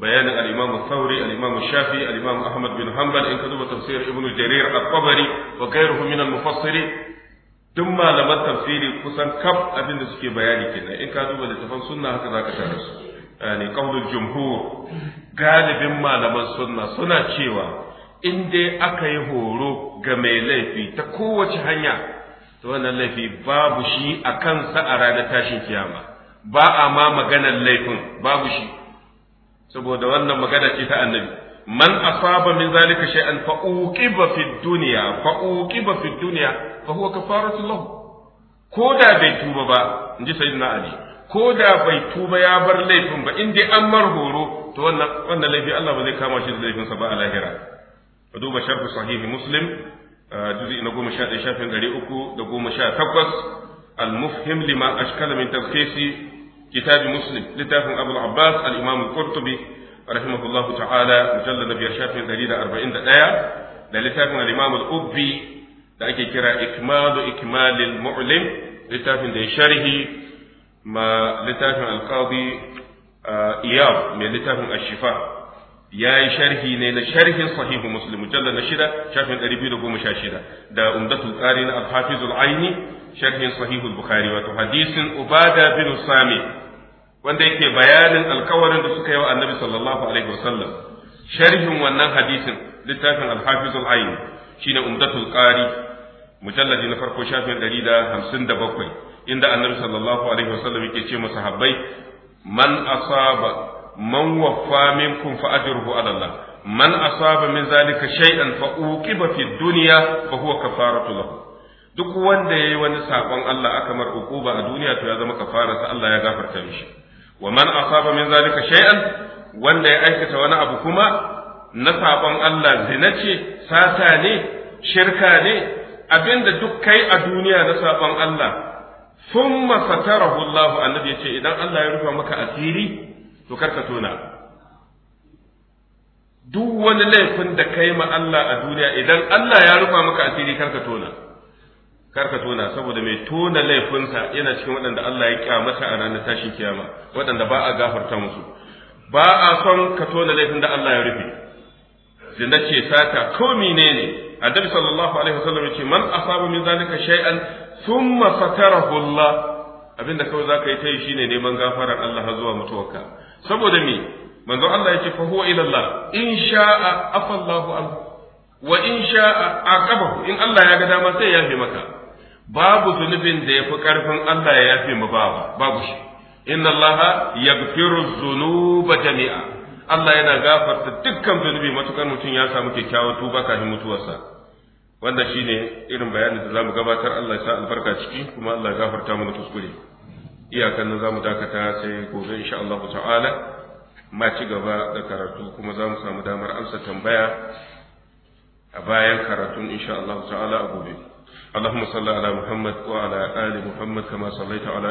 bayanin al-imam thawri al-imam shafi al-imam ahmad bin hanbal in ka duba tafsir ibnu jarir at-tabari wa ghayruhu min al-mufassirin duk malaman tafsiri kusan kaf abin da suke bayani kenan in ka duba littafan sunna haka zaka tare su yani eh, qaulul jumhur galibin malaman sunna suna cewa indai aka yi horo ga mai laifi ta kowace hanya to wannan laifi babu shi a kansa a ranar tashin kiyama ba a ma maganar laifin babu shi saboda wannan magana ce ta annabi man asaba min zalika shay'an fa uqiba fid dunya fa uqiba fid dunya fa huwa kafaratu lahu ko da bai tuba ba in ji sayyidina ali ko da bai tuba ya bar laifin ba in dai an horo to wannan wannan laifi Allah ba zai kama shi da laifin sa ba a lahira ka duba sharh sahihi muslim uh, juz'i na 11 shafin 318 المفهم لما أشكل من تلخيص كتاب مسلم لتاف أبو العباس الإمام القرطبي رحمه الله تعالى مجلد بيرشاف من دليل أربعين دقايا لتاف الإمام الأبي da ake kira ikmalu ikmalil mu'lim littafin da ya sharhi ma littafin alqadi iyab mai littafin ashifa ya yi sharhi ne na sharhin sahihu muslim mujallal na shida shafin ɗari biyu da goma sha shida da umdatul qari na alhafizul aini sharhin sahihu bukhari wato hadisin ubada bin sami wanda yake bayanin alkawarin da suka yi wa annabi sallallahu alaihi wasallam sharhin wannan hadisin littafin alhafizul aini shine umdatul qari mujalladi na farko shafin 157 inda annabi sallallahu alaihi wasallam yake ce masahabbai man asaba man waffa minkum fa ajruhu ala Allah man asaba min zalika shay'an fa uqiba fi dunya fa huwa kafaratu lahu duk wanda yi wani saƙon Allah aka mar uquba a duniya to ya zama kafara sa Allah ya gafarta mishi wa man asaba min zalika shay'an wanda ya aikata wani abu kuma na saƙon Allah zina ce sata ne shirka ne abinda duk kai a duniya na saban Allah thumma satarahu Allah annabi ya ce idan Allah ya rufa maka asiri to karka tona duk wani laifin da kai ma Allah a duniya idan Allah ya rufa maka asiri karka tona karka tona saboda mai tona laifinsa yana cikin waɗanda Allah ya kyamata a ranar tashin kiyama waɗanda ba a gafarta musu ba a son ka tona laifin da Allah ya rufe zina ce sata ko menene ne annabi sallallahu alaihi wasallam yace man asaba min zalika shay'an thumma satarahu Allah abinda kawai zaka yi ta yi shine neman gafarar Allah har zuwa mutuwarka saboda me manzo Allah yace fa huwa ila Allah in sha'a afa Allahu anhu wa in sha'a aqabahu in Allah ya ga dama sai ya yafe maka babu zunubin da yafi karfin Allah ya yafe mu bawa babu shi inna Allah yaghfiru dhunuba jami'a Allah yana gafarta dukkan zunubi matukar mutum ya samu kyakkyawar tuba kafin mutuwarsa wanda shine irin bayanin da zamu gabatar Allah ya sa albarka ciki kuma Allah ya gafarta mana kuskure iyakan nan zamu dakata sai gobe insha Allah ta'ala ma ci gaba da karatu kuma zamu samu damar amsa tambaya a bayan karatun insha Allah ta'ala a gobe اللهم صل على محمد وعلى آل محمد كما صليت على